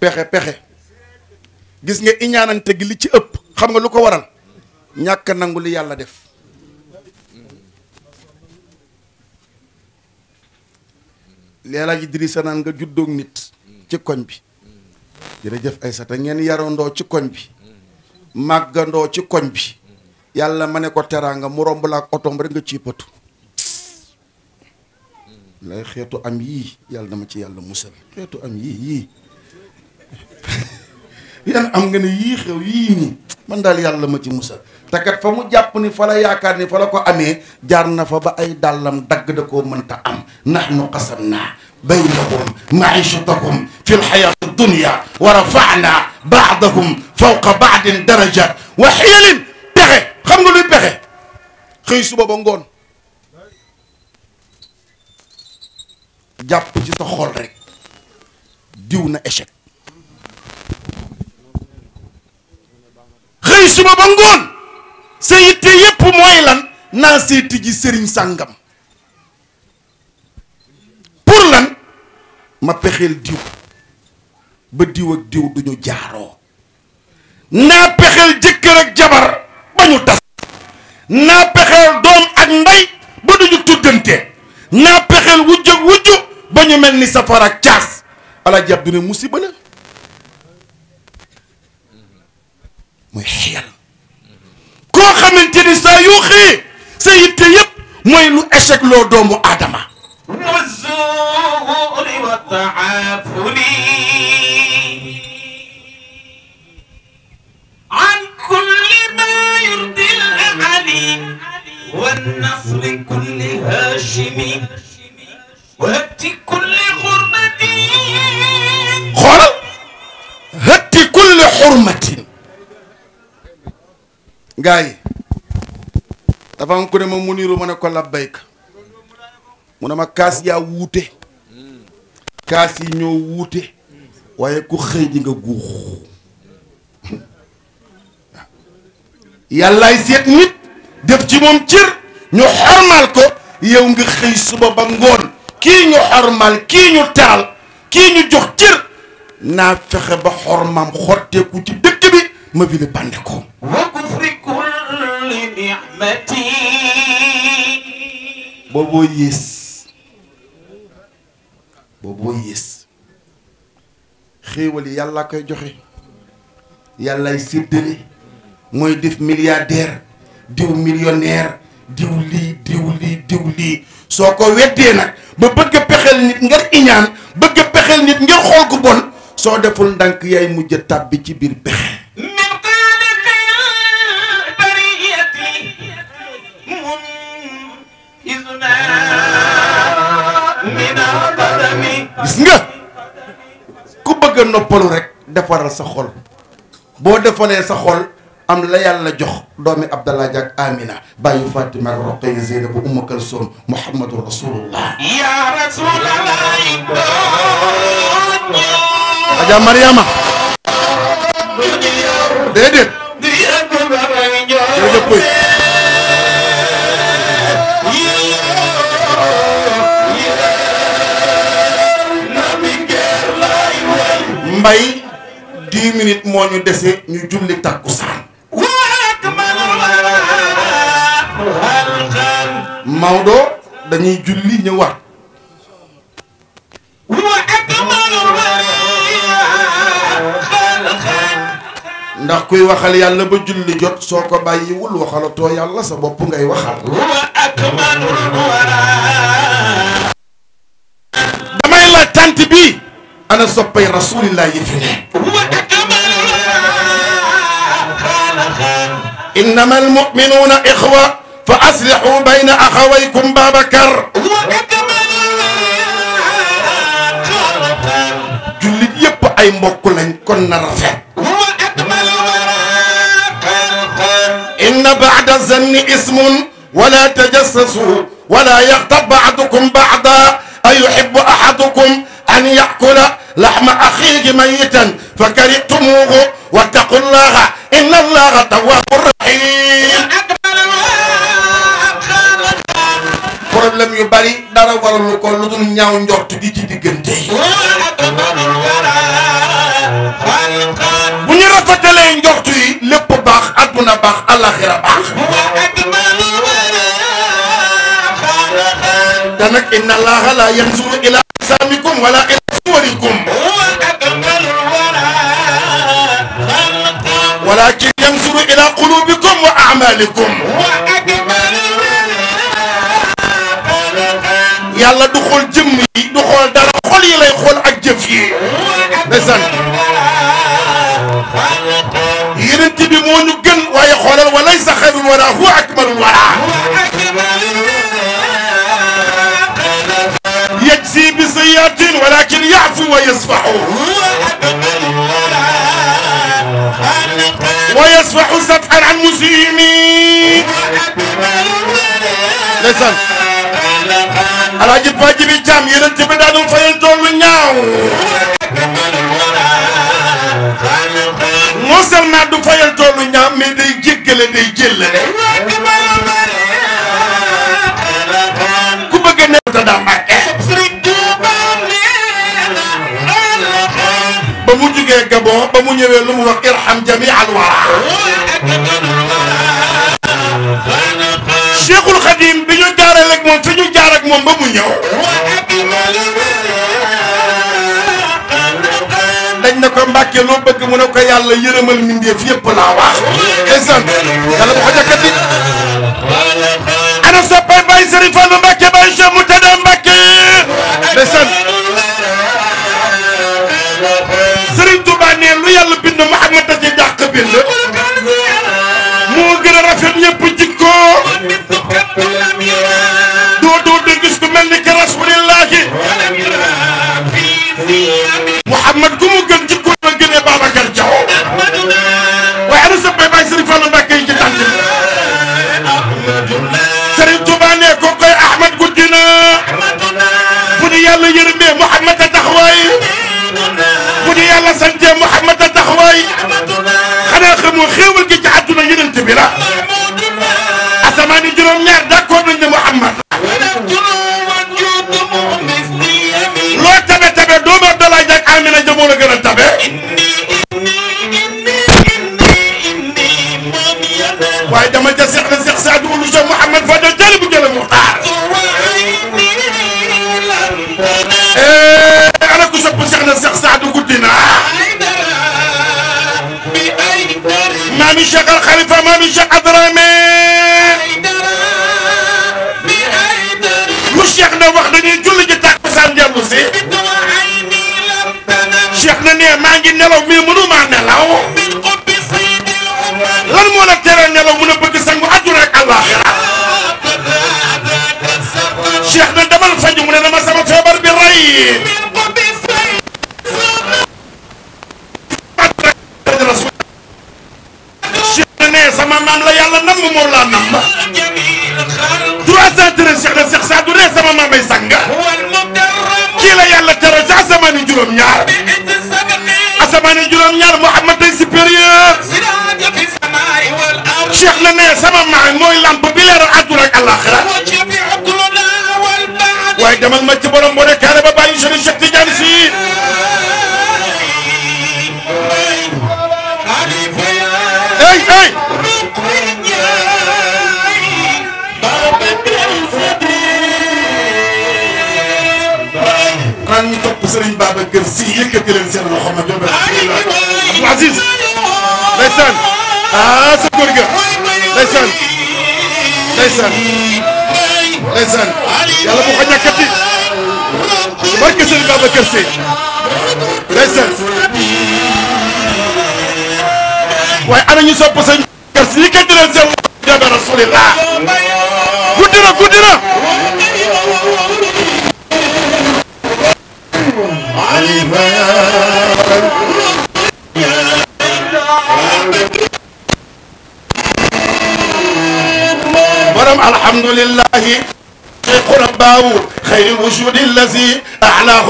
pexe pexe gis nga iñaanante gi li ci ëpp xam nga lu ko waral ñàkk nangu li yàlla def leelaa ji dirisa naan nga juddoog nit ci koñ bi ay Aysata ngeen yarandoo ci koñ bi màggandoo ci koñ bi yàlla ma ne ko teraanga mu romb la ak nga ciy pëtu lay xeetu am yii yàlla dama ci yàlla musal xeetu am yii yii yan am nga ne yii xew yii nii man daal yàlla ma ci musal te kat fa mu jàpp ni fa la yaakaar ni fa la ko amee jaar na fa ba ay dàllam dagg da koo mënta am nahnu qasamna baynakum maishatakum fi lxayaati dunia wa rafana badakum fawqa baadin daraja wa xiilin pexe xam nga luy pexe xëy suba ba ngoon jàpp ci sa xol rek diw na échec xëy suba ba ngoon sa yitte yépp mooy lan naa seeti ji sëriñ sàngam pour lan ma pexeel diw ba diw ak diw duñu jaaroo naa pexeel jëkkër ak jabar ba ñu tas naa pexeel doom ak ndey ba duñu tuddante naa pexeel wujj ak wujju ba ñu mel ni safar caas ala jàpp du ne musiba la mooy xel koo xamante ni saa yoo xëyee sa yitte yëpp mooy lu échec loo doomu aadama والنصر كل هاشمي وهبت كل حرمة خلق هبت كل حرمة gaa yi dafa am ku ne ma muniru ma ne ko labbayka mu ne ma kaas yaa wuute kaas yi ñoo wuute waaye ku xëy di nga guux yàllaay seet nit def ci moom cër ñu xormal ko yow nga xëy suba ba ngoon kii ñu xormal kii ñu taal kii ñu jox cër naa fexe ba xormam xotteeku ci dëkk bi ma vilipande ko ni'mati booboo yées booboo yées xéewal yi yàlla koy joxe yàllaay séddale mooy def milliardaire diw millionnaire diw lii diw lii diw lii soo ko weddee nag ba bëgg a nit nga iñaan bëgg a nit nga xool ko bon soo deful ndànk yaay mujj tàbbi ci biir pexe gis nga ku bëgg a noppalu rek defaral sa xol boo defalee sa xol am la yàlla jox doomi Abdallah Diak Amina bàyyi Fatima Roqaya Zeynab bu Umma Kalsoom Muhammadu Rasulullah ya Rasulallah Aja Mariama déedéet déedéet mbay dix minutes moo ñu dese ñu julli takkusaan Maodo dañuy julli ñëwaat ndax kuy waxal yàlla ba julli jot soo ko bàyyiwul waxalatoo yàlla sa bopp ngay waxal damay laaj tant bi انا صبي رسول الله يفني انما المؤمنون اخوه فاصلحوا بين اخويكم بابكر جليت ان بعد الزن اسم ولا تجسسوا ولا يغتب بعضكم بعضا ايحب احدكم أن يأكل لحم أخيه ميتا فكرهتموه واتقوا الله إن الله تواب رحيم problème yu bari dara waralu ko lu dul ñaaw njort gi ci diggante yi bu ñu rafetalee njort yi lépp baax àdduna baax alaxira baax yàlla nag inna allaha la yansuru ila samikum wala ila suwarikum walakin yansuru ila qulubikum wa a'malikum yàlla du xool jëmm yi du xool dara xol yi lay xool ak jëf yi ndeysaan yonent bi moo ñu gën waaye xoolal wa laysa xayrul wara huwa akmalul wara ويصفح سفحا عن مسلمين لسان الحاج باجي بي جام يرنت بي دانو فايل دول نياو مسلمان دو فايل دول نياو مي دي جيغل دي جيل Gabon ba mu ñëwee lu mu wax irham jami al wara Cheikhul Khadim bi ñu jaarale ak moom fi ñu jaar ak moom ba mu ñëw dañ na ko Mbàkke loo bëgg mu ne ko yàlla yërëmal mindeef yëpp laa wax ndeysaan yàlla bu ko jakkati ana sa pay bay Serigne Fallou Mbàkke bay Cheikh Moutada Mbàkke ndeysaan xamante ci dàq bind moo gën a rafet ñëpp jikko dootoo di gis ku mel ni ki rasulillahi Muhammad ku mu gën jikko la gënee Babacar Diaw waaye ana sa bay bay Sëriñ Fallu Mbàkke yi ci tànk Sëriñ Tuubaa ne ko koy Ahmad guddi na bu ñu yàlla yërëmee yàlla sante Mouhamad a tax waay xanaa xamoo xéewal gi ci àdduna yonent bi la asamaan yi juróom-ñaar d'accord nañ ne Mouhamad loo tabe tabe doomu Abdoulaye Diak Amina jamoo la gën a tabe waaye dama jël Seex na Seex Saadu ulu Seex Mouhamad fa maami Cheikh al Khalifa maami Cheikh Adrame lu Cheikh na wax dañuy julli ji tàkkusaan jàllu si Cheikh na ne maa ngi nelaw mais mënumaa nelaw lan moo la tere nelaw mën a bëgg sangu àdduna ak àllaaxira Cheikh na demal faju mu ne dama sama feebar bi rey juróom-ñaar asamaan yi juróom-ñaar Muhammad day supérieur Cheikh na ne sama maam mooy lamp bi leeru àdduna ak àllaaxira waaye demal ma ci borom boo ne kaare ba bàyyi Cheikh Tidiane si. sëriñ Babacar si yëkkati leen seen loxo ma jox Abdou Aziz ndeysaan ah sa góor ga ndeysaan ndeysaan ndeysaan yàlla bu ko ñàkkati barke sëriñ Babacar si ndeysaan waaye ana ñu sopp sëriñ Babacar si yëkkati leen seen loxo ma jox Rasulillah guddi na guddi na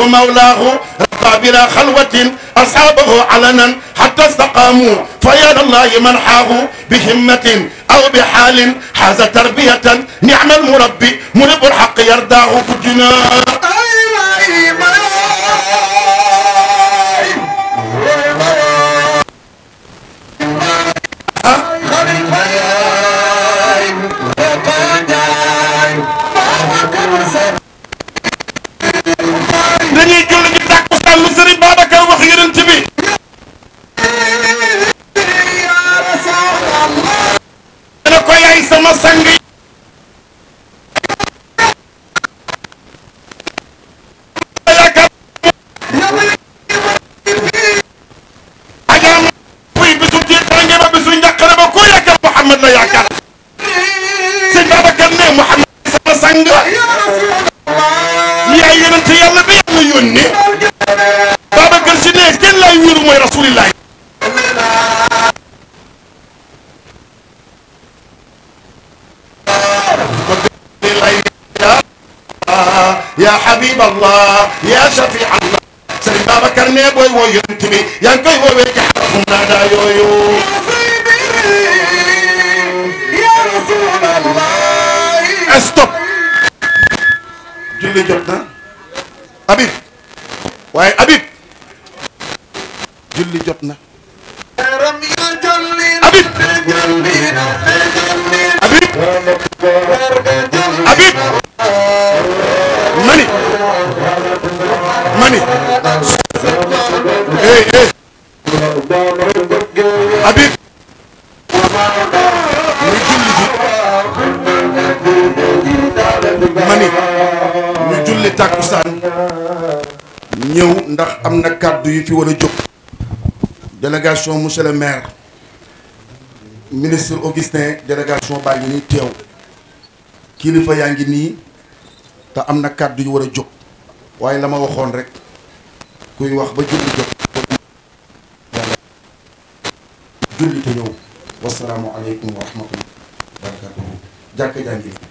الله مولاه رفع بلا خلوة أصحابه علنا حتى استقاموا فيا لله من حاه بهمة أو بحال حاز تربية نعم المربي منب الحق يرداه الجنان another yo-yo. stop. julli jot na Habib waaye Habib. kàddu yu fi war a jóg délégation monsieur le maire ministre Augustin délégation baa ngi teew kilifa yaa ngi nii te am na kàddu yu war a jóg waaye la ma waxoon rek kuy wax ba julli jóg julli te ñëw wasalaamualeykum wa rahmatullah barakatuhu jàkk jaa nii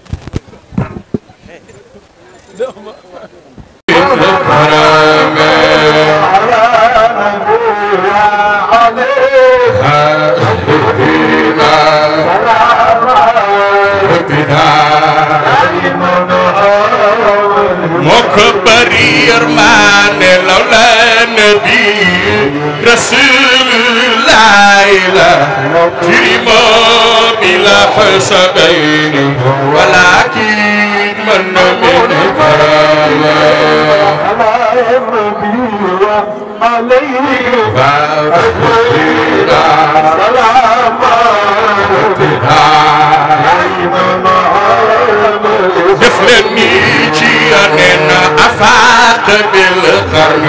رفعت بالقرن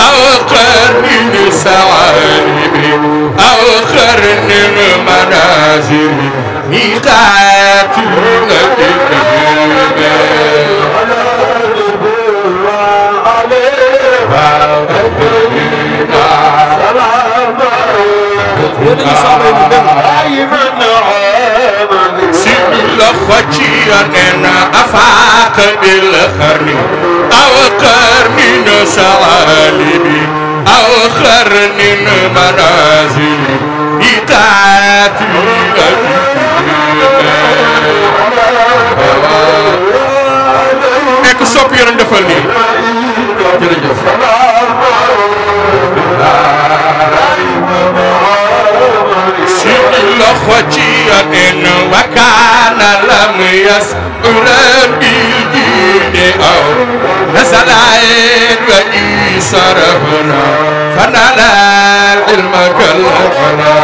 أو قرن سوالب أو قرن المنازل ميقات Yeni sahabeyi dinle. Ay ben الأخوة أن أفاق بالخرن أو قرن سوالبي أو قرن منازل إتاتي nekk sopp yoon defal nii jërëjëf si loxo ci ak أنا لم يسكر بالجود أو نزل عين وإي صرفنا فنال العلم كالقلم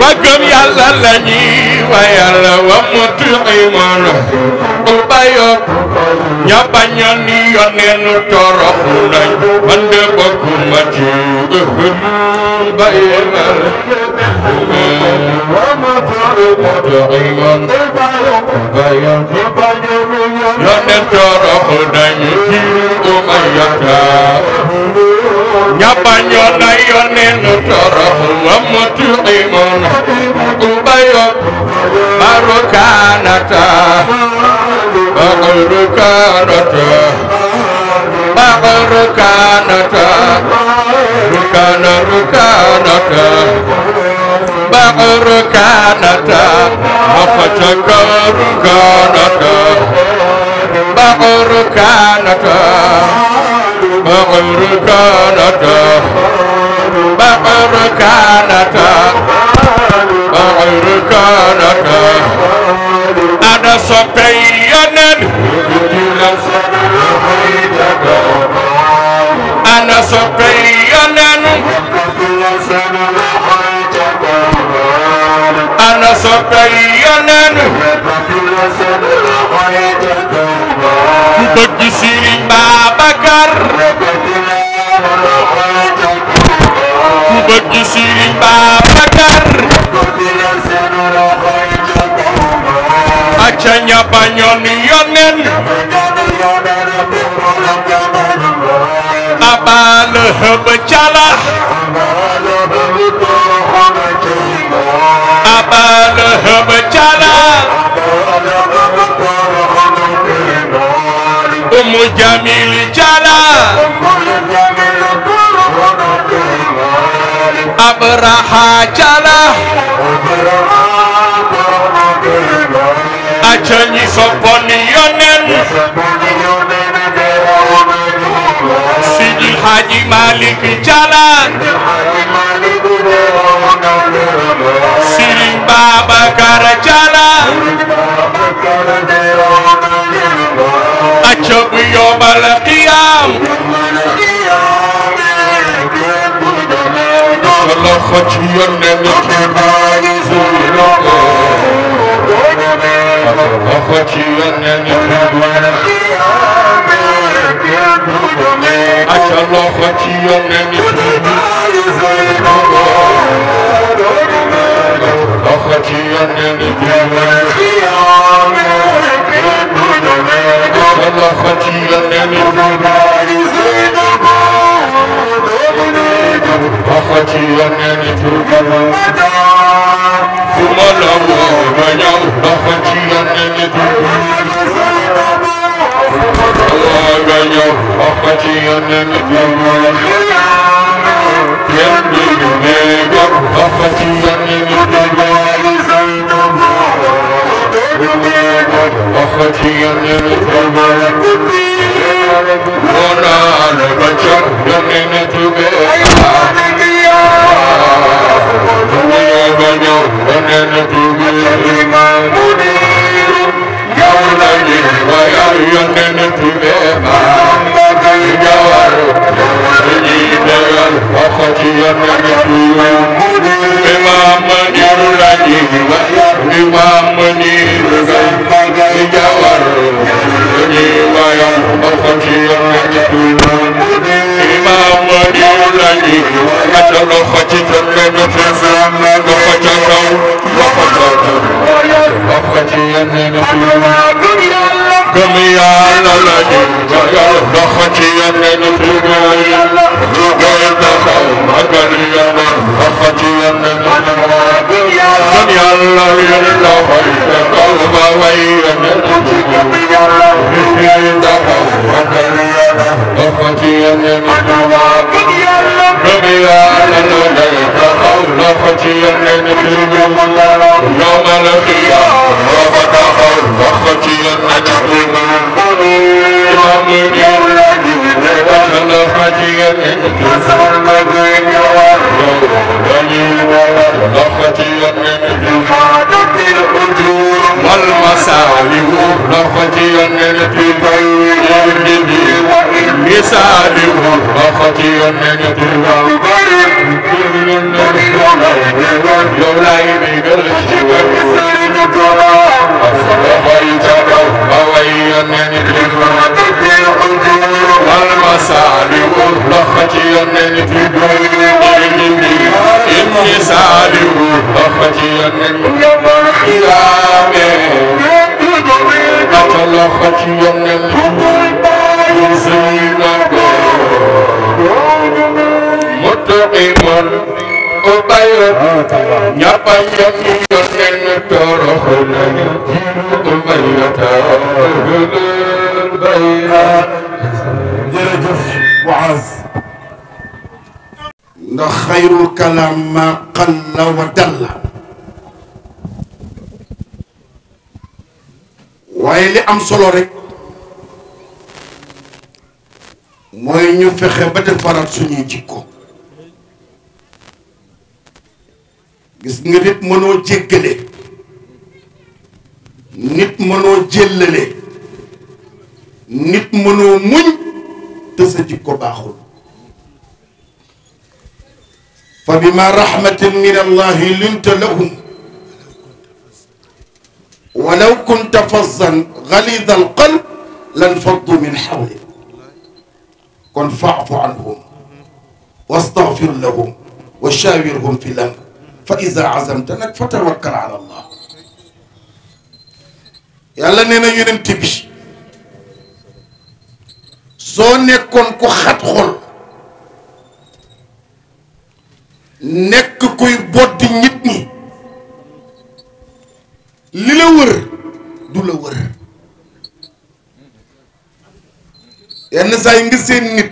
وكم يلا لني wa yàlla wa mu tuximan ku bayoon ña bañoon ni yoneen torox nañ man de bokkuma ci bayimal wa mu tuximan bayoon yoneen torox nañ ci umayata ñabañoo na yoneenu torox wa mutiimun ubayo barukaanata barukaanata barukaanata rukaana rukaanata barukaanata mafacaka rukaanata barukaanata بحر كانت بحر كانت بحر كانت أنا صبينا أنا صبينا أنا صبينا بدي سيري a ku bëgg Serigne Babacar acca ña bañoon yonen abal hëb cala abal hëb cala أم جميل جلا أبرها جلا أجني سبني يونن سيدي الحاج مالك جلا سيدي بابا كرجلا الحشر يوم القيام الله خشي النبي الله خشي النبي Allah khatiyo nemi Allah khatiyo Allah hakkıyla emin حكيا نجوك ثم الأمر يوم حكيا نجوك الله يوم حكيا نجوك يمني يوم حكيا نجوك أختي الكبرى هنا بشر جنة بها Yeah. وخطي النبي إمام الرجيم إمام الرجيم جوار ويوم وخطي النبي إمام الرجيم أتى وخطي النبي وخطي وخطي وخطي النبي I'm gonna be a man. I'm gonna be a man. I'm gonna be a man. لم يالله يلا ويت قلب ويرن عندك وفتي ربي أعلن ليت قول فتي يوم القيامة وفتح وفتي النجم كلام قل ودل ويلي ام سولو ريك موي ني فخه با ديفارات سوني جيكو غيس نيت منو جيغلي نيت منو جيللي بما رحمة من الله لنت لهم ولو كنت فظا غليظ القلب لانفضوا من حولك كن فاعف عنهم واستغفر لهم وشاورهم في الامر فاذا عزمت لك فتوكل على الله يلا نينا يونت بي سو نيكون كو خات nga seen nit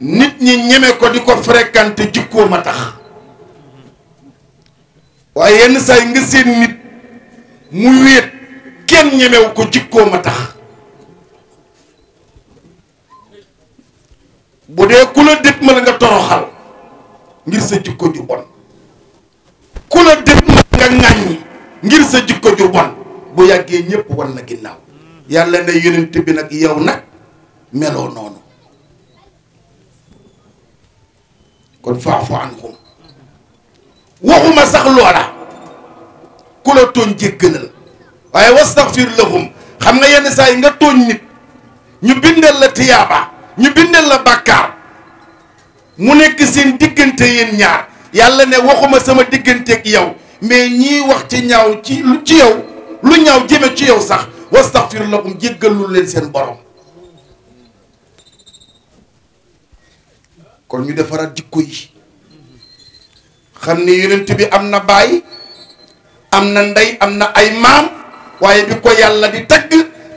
nit ñi ñeme ko di ko fréquenté jikkoo ma tax waaye yenn saa yi nga seen nit mu wéet kenn ñemewu ko jikkoo a tax bu dee ku la dëpp ma la nga toroxal ngir sa jikko ju bon ku la dëpp ma nga ŋàññi ngir sa jikko ju bon bu yàggee ñépp war na ginnaaw yàlla na yonent bi nag yow nag meloo noonu kon faafu anhum waxuma sax loola ku la tooñ jéggalal waaye wastaxfir lahum xam nga yenn saa yi nga tooñ nit ñu bindal la tiyaaba ñu bindal la bàkkaar mu nekk seen diggante yéen ñaar yàlla ne waxuma sama digganteeg yow mais ñiy wax ci ñaaw ci ci yow lu ñaaw jëme ci yow sax wastaxfir lahum jéggalul leen seen borom kon ñu defaraat jikko yi xam ni yonent bi am na baay am na ndey am na ay maam waaye bi ko yàlla di tagg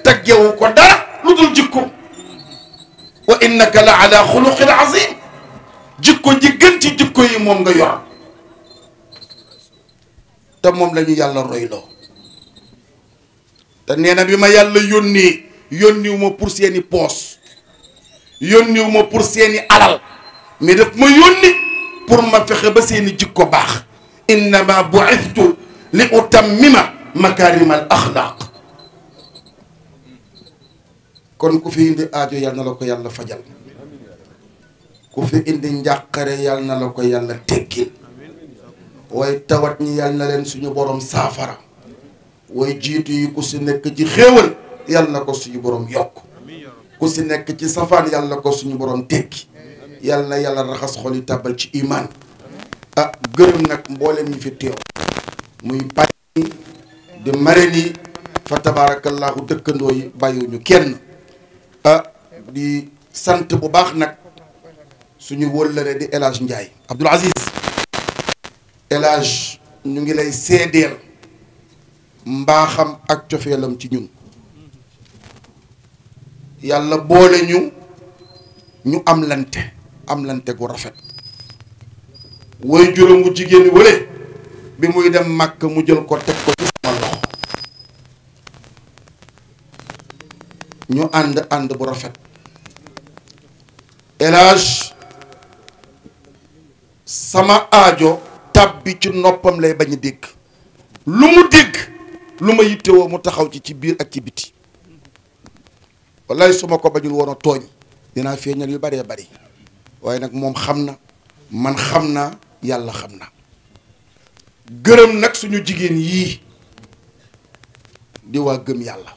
taggewu ko dara lu dul jikko wa innaka la ala xuluqin azim jikko ji gën ci jikko yi moom nga yor te moom lañu yàlla royloo te nee na bi ma yàlla yónnee yónniwu ma pour seeni poos yónniwu ma pour seeni alal mais daf ma yónni pour ma fexe ba seeni jikko baax innama bu'ithtu li utammima makarim al axlaq kon ku fi indi aajo yal na la ko yàlla fajal ku fi indi njàqare yal na la ko yàlla teggil waaye tawat ñi yal na leen suñu borom saafara waaye jiitu yi ku si nekk ci xéewal yal na ko suñu borom yokk ku si nekk ci safaan yal na ko suñu borom teggi yàlla na yàlla raxas xol yi tàbbal ci imaan ah gërëm nag mboole ñi fi teew muy pàcc yi di marraine yi fa tabaarakallaahu dëkkandoo yi bàyyiwuñu kenn ah di sant bu baax nag suñu wëllëre di El Hadj Ndiaye Abdoul Aziz El ñu ngi lay seedeel mbaaxam ak cofeelam ci ñun yàlla boole ñu ñu am lante am lante gu rafet way juróom wu jigéen bi muy dem màkk mu jël ko teg ko ci sama loxo ñu ànd ànd bu rafet elage sama aajo tab ci noppam lay bañ a dégg lu mu dégg lu ma woo mu taxaw ci ci biir ak ci biti wallaay su ma ko bañul woon a tooñ dinaa feeñal yu baree bari waaye nag moom xam na man xam naa yàlla xam na gërëm nag suñu jigéen yii di waa gëm yàlla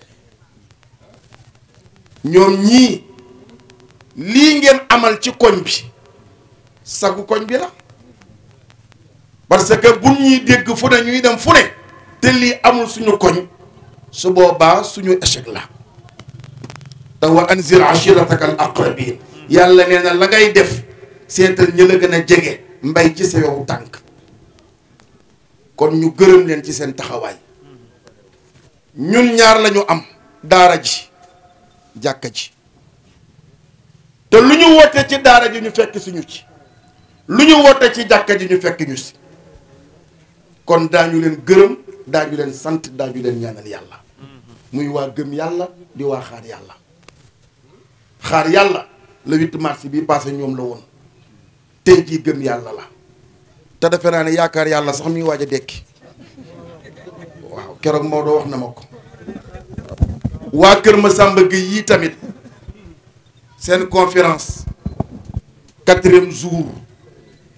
ñoom ñii lii ngeen amal ci koñ bi sagu koñ bi la parce que bu ñuy dégg fu ne ñuy dem fu ne te lii amul suñu koñ su boobaa suñu échec la te wa anzir ashirataka al aqrabin yàlla nee na la ngay def seetal ñi la gën a jege mbay ci sa tànk kon ñu gërëm leen ci seen taxawaay ñun ñaar lañu am daara ji jàkka ji te lu ñu woote ci daara ji ñu fekk suñu ci lu ñu woote ci jàkka ji ñu fekk ñu si kon daañu leen gërëm daañu leen sant daañu leen ñaanal yàlla muy waa gëm yàlla di waa xaar yàlla xaar yàlla le 8 mars bi passé ñoom la won. tey jii gëm yàlla la Ta defe na né yaakaar yalla sax mi waja dék. Waaw, waaw mo do wax na ma ko waa Kër Masamba Gueye yii tamit Sen conférence quatrième jour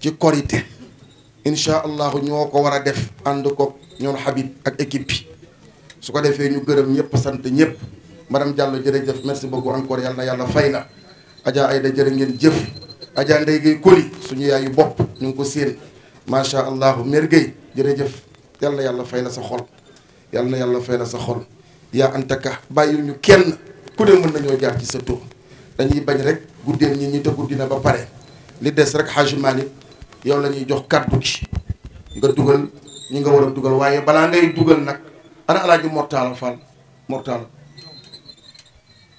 ci korité incha allahu ñoo ko def ànd ko ñoom Habib ak équipe bi su ko défé ñu gërëm ñëpp sant ñëpp madame Diallo jërëjëf merci beaucoup encore yalla yalla yàlla Adja Ayda jërë ngeen jëf Adja Ndeye Gueye Koli suñu yaayu bopp ñu ngi ko séen macha allah mère Gueye jërëjëf yal na yàlla fay la sa xol yal na yàlla fay la sa xol yaa antaka bàyyil ñu kenn ku ne mën nañoo jaar ci sa tur dañuy bañ rek guddeen ñi ñi te guddi na ba pare li des rek Hadji Malick yow la ñuy jox kàddu gi nga dugal ñi nga war a dugal waaye balaa ngay dugal nag ana alaaji Mortala Fall Mortala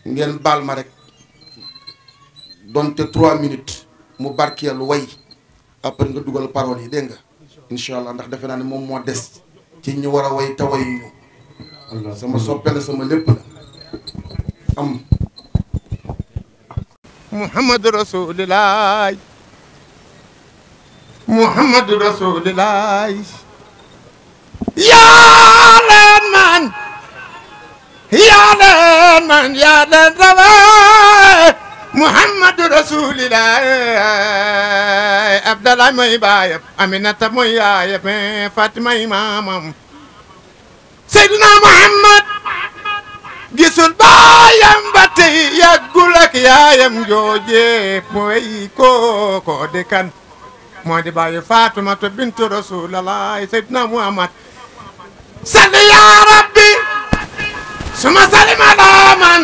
ngeen baal ma rek donte trois minutes mu barkeelu way après nga dugal paroles yi dégg nga incha allah ndax defe naa ne moom moo des ci ñu war a way te wayuñu sama soppe la sama lépp la am muhammadu rasulilaay yaa leen man yaa leen man yaa leen muhammadu rasulillahi abdallah mooy baayam aminata mooy yaayam fatima maamam seyduna muhammad gisul baayam ba tey yàggul ak yaayam jooje mooy kooko kan moo di baayu fatimatu bintu rasulillahi seyduna muhammad salli yaa rabbi suma salima laaman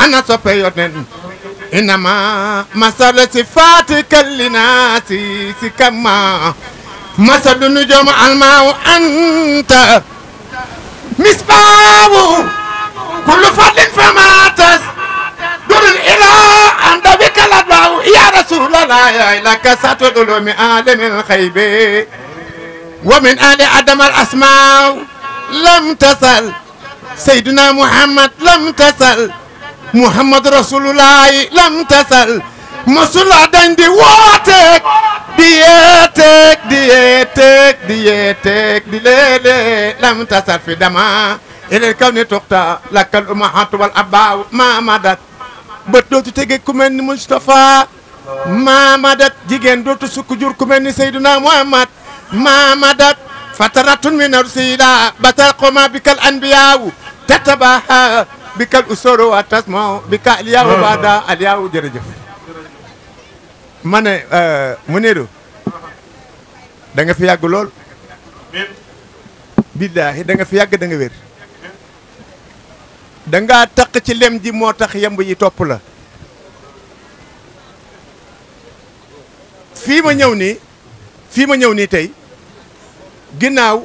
أنا صبيون إنما مثل صفاتك للناس كما مثل نجوم الماء أنت مصباح كل فضل فماتس تس دور إلى أن بك الله يا رسول الله يا لك ستدل من عالم الخيب ومن آل آدم الأسماء لم تصل سيدنا محمد لم تصل محمد رسول الله لم تسل مسلا دي واتك ديتك ديتك ديتك ليلي لم تسل في دما إلى الكون تقطع لك الأمهات والأباء ما مدت بدو تجي كمان مصطفى ما مدت جيجين تسوك جور كمان سيدنا محمد ما مدت فترة من الرسالة بتلقوا ما بك الأنبياء تتبعها bikal usoro atas mau bika aliyahu bada aliyahu jërëjëf Mana ne eh, Muniru da nga fi yàgg lool billaahi da nga fi yàgg da nga wér da ci lem ji moo tax yemb yi topp la fii ma ñëw nii fii ma ñëw nii tey ginnaaw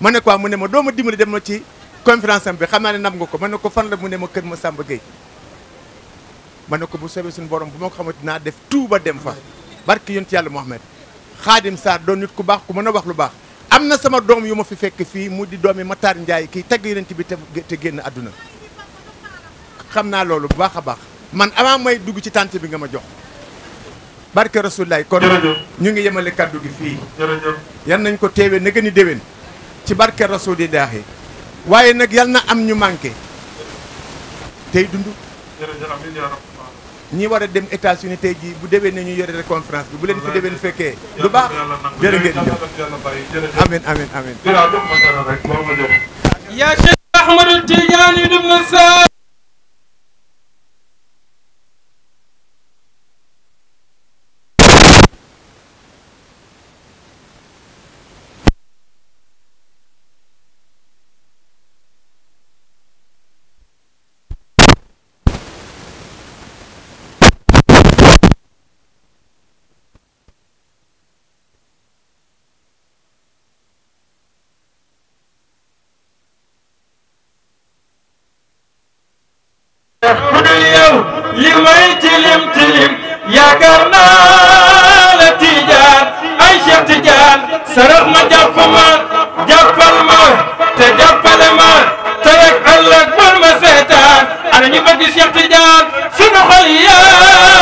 ma ne quoi ah, mu ne ma doo ma dimbali dem ma ci conférence am bi xam naa ne nam nga ko man ne ko fan la mu ne ma kër ma Samba Gueye ma ne ko bu soobee suñu borom bu ma ko xamante naa def tuuba dem fa barki yonent yàlla Muhammad Xaadim saa doon nit ku baax ku mën a wax lu baax am na sama doom yu ma fi fekk fii mu di doomi Matar Ndiaye kii tagg yonent bi te génn àdduna xam naa loolu bu baax a baax man amaa may dugg ci tànt bi nga ma jox barke rasulaay kon ñu ngi yemale kaddu gi fii yan nañ ko teewee na gën a déwén ci barke rasulillahi waaye nag yal na am ñu manqué tey dund ñi war a dem États-Unis tey jii bu déwee ne ñu yore conférence bi bu leen fi déween fekkee lu baax jërë ngeen jëf amin amin amin yaa Cheikh Ahmadou Tidiane ibn Sall ñu bëgg Cheikh Tidiane sunu xol ya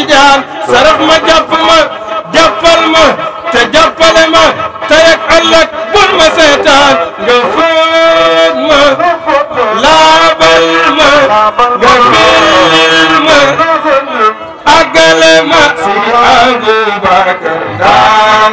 fi jaar ma jàpp ma jàppal ma ma tey ak ëllëg bul ma seetaan nga fóot ma laabal ma nga fillil ma àggale ma si Abubakar daan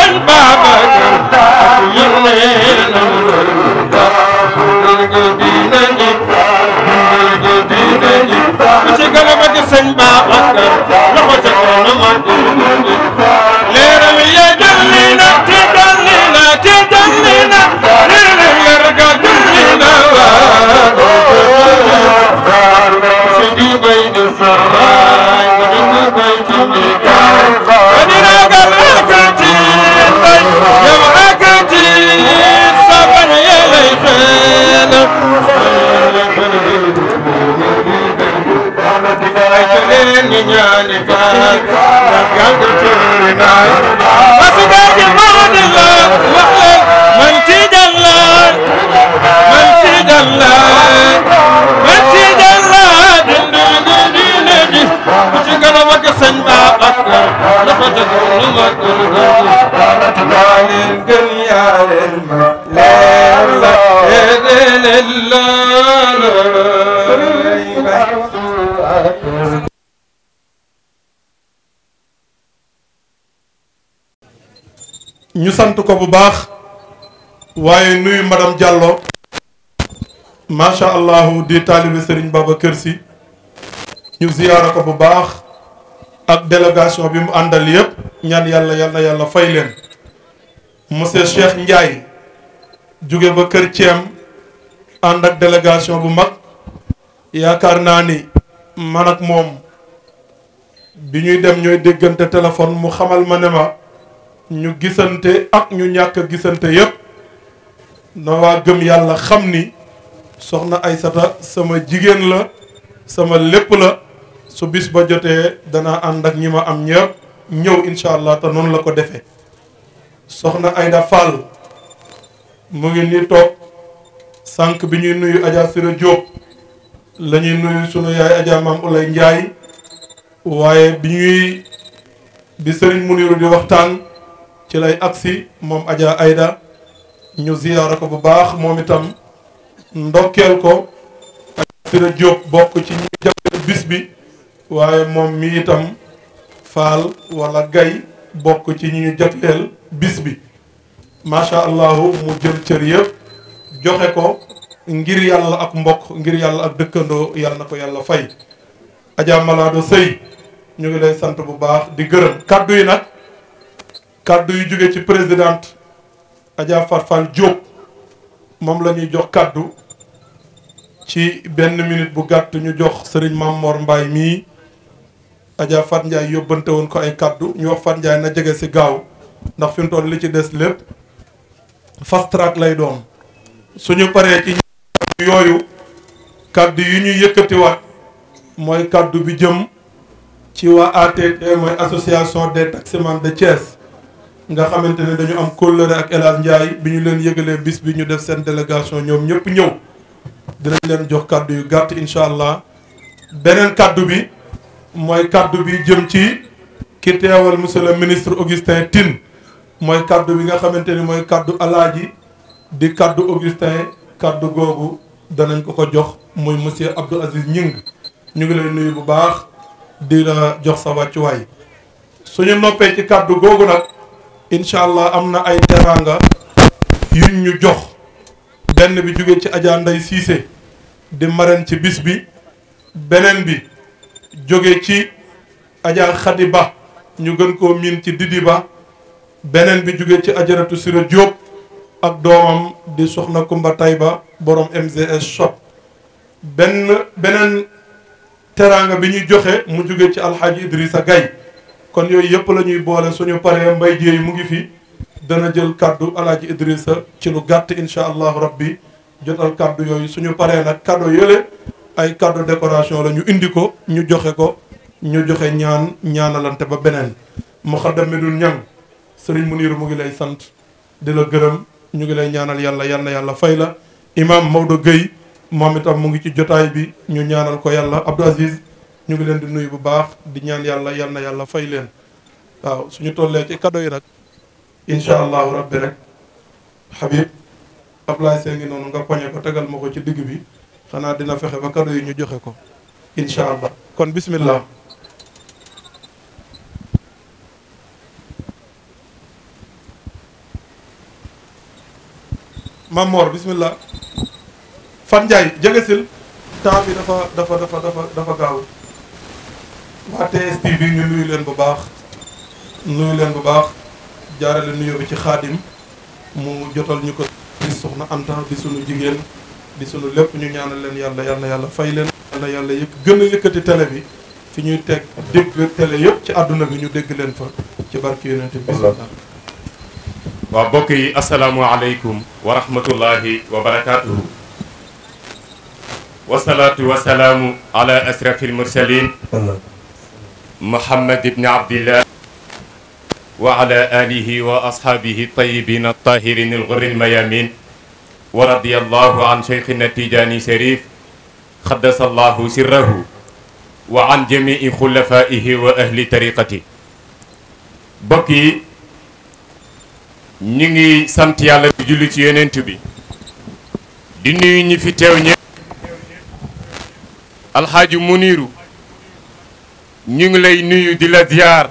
a, a, ay ca leen ñu ñaani faal ndax yàlla tuuri naa parce que la wax leen man ci jàllaat man ci jàllaat man ci jàllaat dindi di diine maa leen la leer ñu sant ko bu baax waaye nuyu maram Diallo macha allah di taalibe Serigne Babacar Sy ñu ziyaara ko bu baax ak délégation bi mu àndal yépp ñaan yàlla yàlla yàlla fay leen mose Cheikh Ndiaye jóge ba kër Thiem ànd ak délégation bu mag yaakaar naa ni man ak moom bi ñuy dem ñooy déggante téléphone mu xamal ma ne ma ñu gisante ak ñu ñàkk gisante yépp na waa gëm yàlla xam ni soxna Aysata sama jigéen la sama lépp la su bis ba jotee dana ànd ak ñi ma am ñëpp ñëw incha allah te noonu la ko defee soxna Ayda Fall mu ngi nii toog sànq bi ñuy nuyu Adja Sira lañuy ñuy nuyu sunu yaay Adja Maam Njaay waaye bi ñuy bi sëriñ Muniru di waxtaan ci lay agsi moom Adja Ayda ñu ziyaara ko bu baax moom itam ndokkeel ko ak Sira Diop bokk ci bis bi waaye moom mi itam faal wala gay bokk ci ñu jagleel bis bi macha allahu mu jël cër yëpp joxe ko ngir yalla ak mbokk ngir yalla ak dekkendo yalla nako yalla fay Adja malado sey ñu ngi lay sant bu baax di gërëm kaddu yi nak kaddu yu joge ci présidente Adja Farfal Diop mom lañuy jox kaddu ci benn minute bu gatt ñu jox mam mor mbay mi Adja Fat ndjay yobante won ko ay kaddu ñu wax Fat ndjay na jege ci gaaw ndax fi toll li ci dess lepp fast track lay doon suñu paré ci yooyu kàddu yi ñuy yëkkati wax mooy kàddu bi jëm ci waa ATT mooy association des taximans de Thiès nga xamante ne dañu am kóllëre ak El Hadj bi ñu leen yëgalee bis bi ñu def seen délégation ñoom ñëpp ñëw dinañ leen jox kàddu yu gàtt incha allah beneen kàddu bi mooy kàddu bi jëm ci ki teewal monsieur le ministre Augustin Tine mooy kàddu bi nga xamante ni mooy kàddu alaaji di kàddu Augustin kàddu googu danañ ko ko jox muy monsieur Abdou Aziz Ñing ñu ngi lay nuyu bu baax di la jox sa wàccuwaay suñu noppee ci kàddu googu nag incha allah am na ay teraanga yuñ ñu jox benn bi jóge ci Adja Ndeye di marraine ci bis bi beneen bi jóge ci Adja Khady Ba ñu gën koo miin ci Didi Ba beneen bi jóge ci ajaratu Sira Diop ak doomam di soxna Kumba ba borom MGS shop benn beneen teraanga bi ñu joxe mu jóge ci alxaaji Idrissa Gaye kon yooyu yëpp la ñuy boole suñu paree mbay jéey mu ngi fi dana jël kàddu alaaji Idrissa ci lu gàtt incha allahu rabbi jotal kàddu yooyu suñu paree nag kàddu yële ay kàddu décoration la ñu indi ko ñu joxe ko ñu joxe ñaan ñaanalante ba beneen muxaddam mi dul ñang sëriñ Muniru mu ngi lay sant dina gërëm ñu ngi lay ñaanal yàlla yal na yàlla fay la imam Maodo Gueye moom itam mu ngi ci jotaay bi ñu ñaanal ko yàlla Abdou Aziz ñu ngi leen di nuyu bu baax di ñaan yàlla yal na yàlla fay leen waaw suñu tollee ci cadeau yi nag incha allahu rabbi rek Habib Ablaye Seye ngi noonu nga poñe ko tegal ma ko ci digg bi xanaa dina fexe ba cadeau yi ñu joxe ko incha allah kon bismillah Mamor bismillah Fat Ndiaye jegesil temps bi dafa dafa dafa dafa dafa gaaw waa TSP bi ñu nuyu leen bu baax nuyu leen bu baax jaarale nuyoo bi ci xaadim mu jotal ñu ko di soxna Anta di sunu jigéen di sunu lépp ñu ñaanal leen yàlla yàlla yàlla fay leen yàlla yàlla yëkk gën a yëkkati télé bi fi ñuy teg dégg télé yëpp ci àdduna bi ñu dégg leen fa ci barki yonente bi وبكي السلام عليكم ورحمة الله وبركاته والصلاة والسلام على أسرف المرسلين محمد بن عبد الله وعلى آله وأصحابه الطيبين الطاهرين الغر الميامين ورضي الله عن شيخ النتيجاني شريف خدس الله سره وعن جميع خلفائه وأهل طريقته بكي ñi ngi sant yalla bi julli ci yonent bi di nuyu ñi fi ñe al hadji muniru ñi ngi lay nuyu di la ziar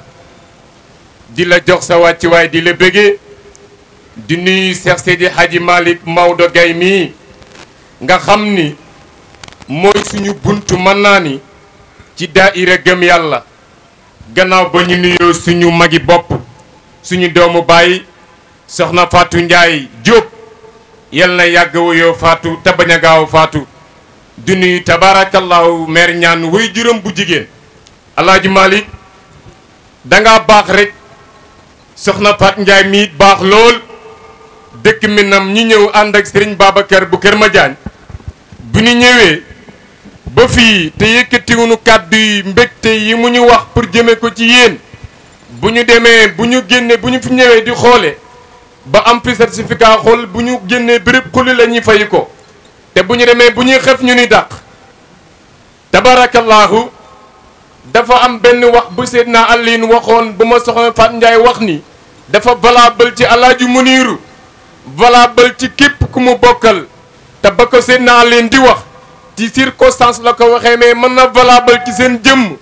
di la jox sa way di la begi di nuyu di sidi Hadji malik mawdo gay mi nga xamni moy suñu buntu manani ci daaira gem yalla gannaaw ba ñu nuyu suñu magi bop suñu doomu bàyyi soxna Fatou Ndiaye Diop yal na yàgg wuyoo Fatou te bañ a gaaw Fatou di nuyu juróom bu jigéen alaaji Malick dangaa baax rek soxna Fatou Ndiaye mii baax lool dëkk mi nam ñi ñëw ànd ak Serigne Babacar bu Kër Madiagne bu ñu ñëwee ba fii te yëkkatiwunu kàddu yi mbégte yi mu ñu wax pour jëme ko ci yéen bu ñu demee bu ñu génne bu ñu fi ñëwee di xoole ba am fi certificat xol buñu génné bërepp kulli xulli fayiko te buñu démé buñu xef ñu ni dàq tabarakallah dafa am benn wax bu Seydina alline waxon buma ma soxna Fatou Ndiaye wax ni dafa valable ci aladju Muniiru valable ci kep ku mu bokkal te bako ko alline di wax ci circonstance la ko waxee mais man na valable ci seen jëm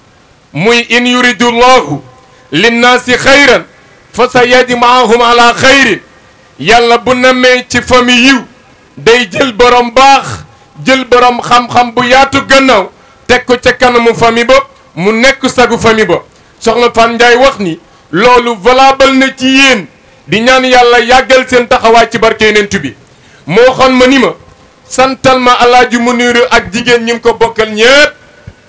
muy in yuridu llahu linnaasi xayran fa sa ala khayrin Yalla bu namé ci famille yu day jël borom bax jël borom xam-xam bu yaatu gannaaw tek ko ca kanamu famille ba mu nekk sagu famille ba soxna Fan nday wax ni lolu valable na ci yeen di ñaan yalla yagal seen taxawaay ci barke Yonent bi mo xon ma nima santal ma alaaji munir ak jigen ñim ko bokkal ñepp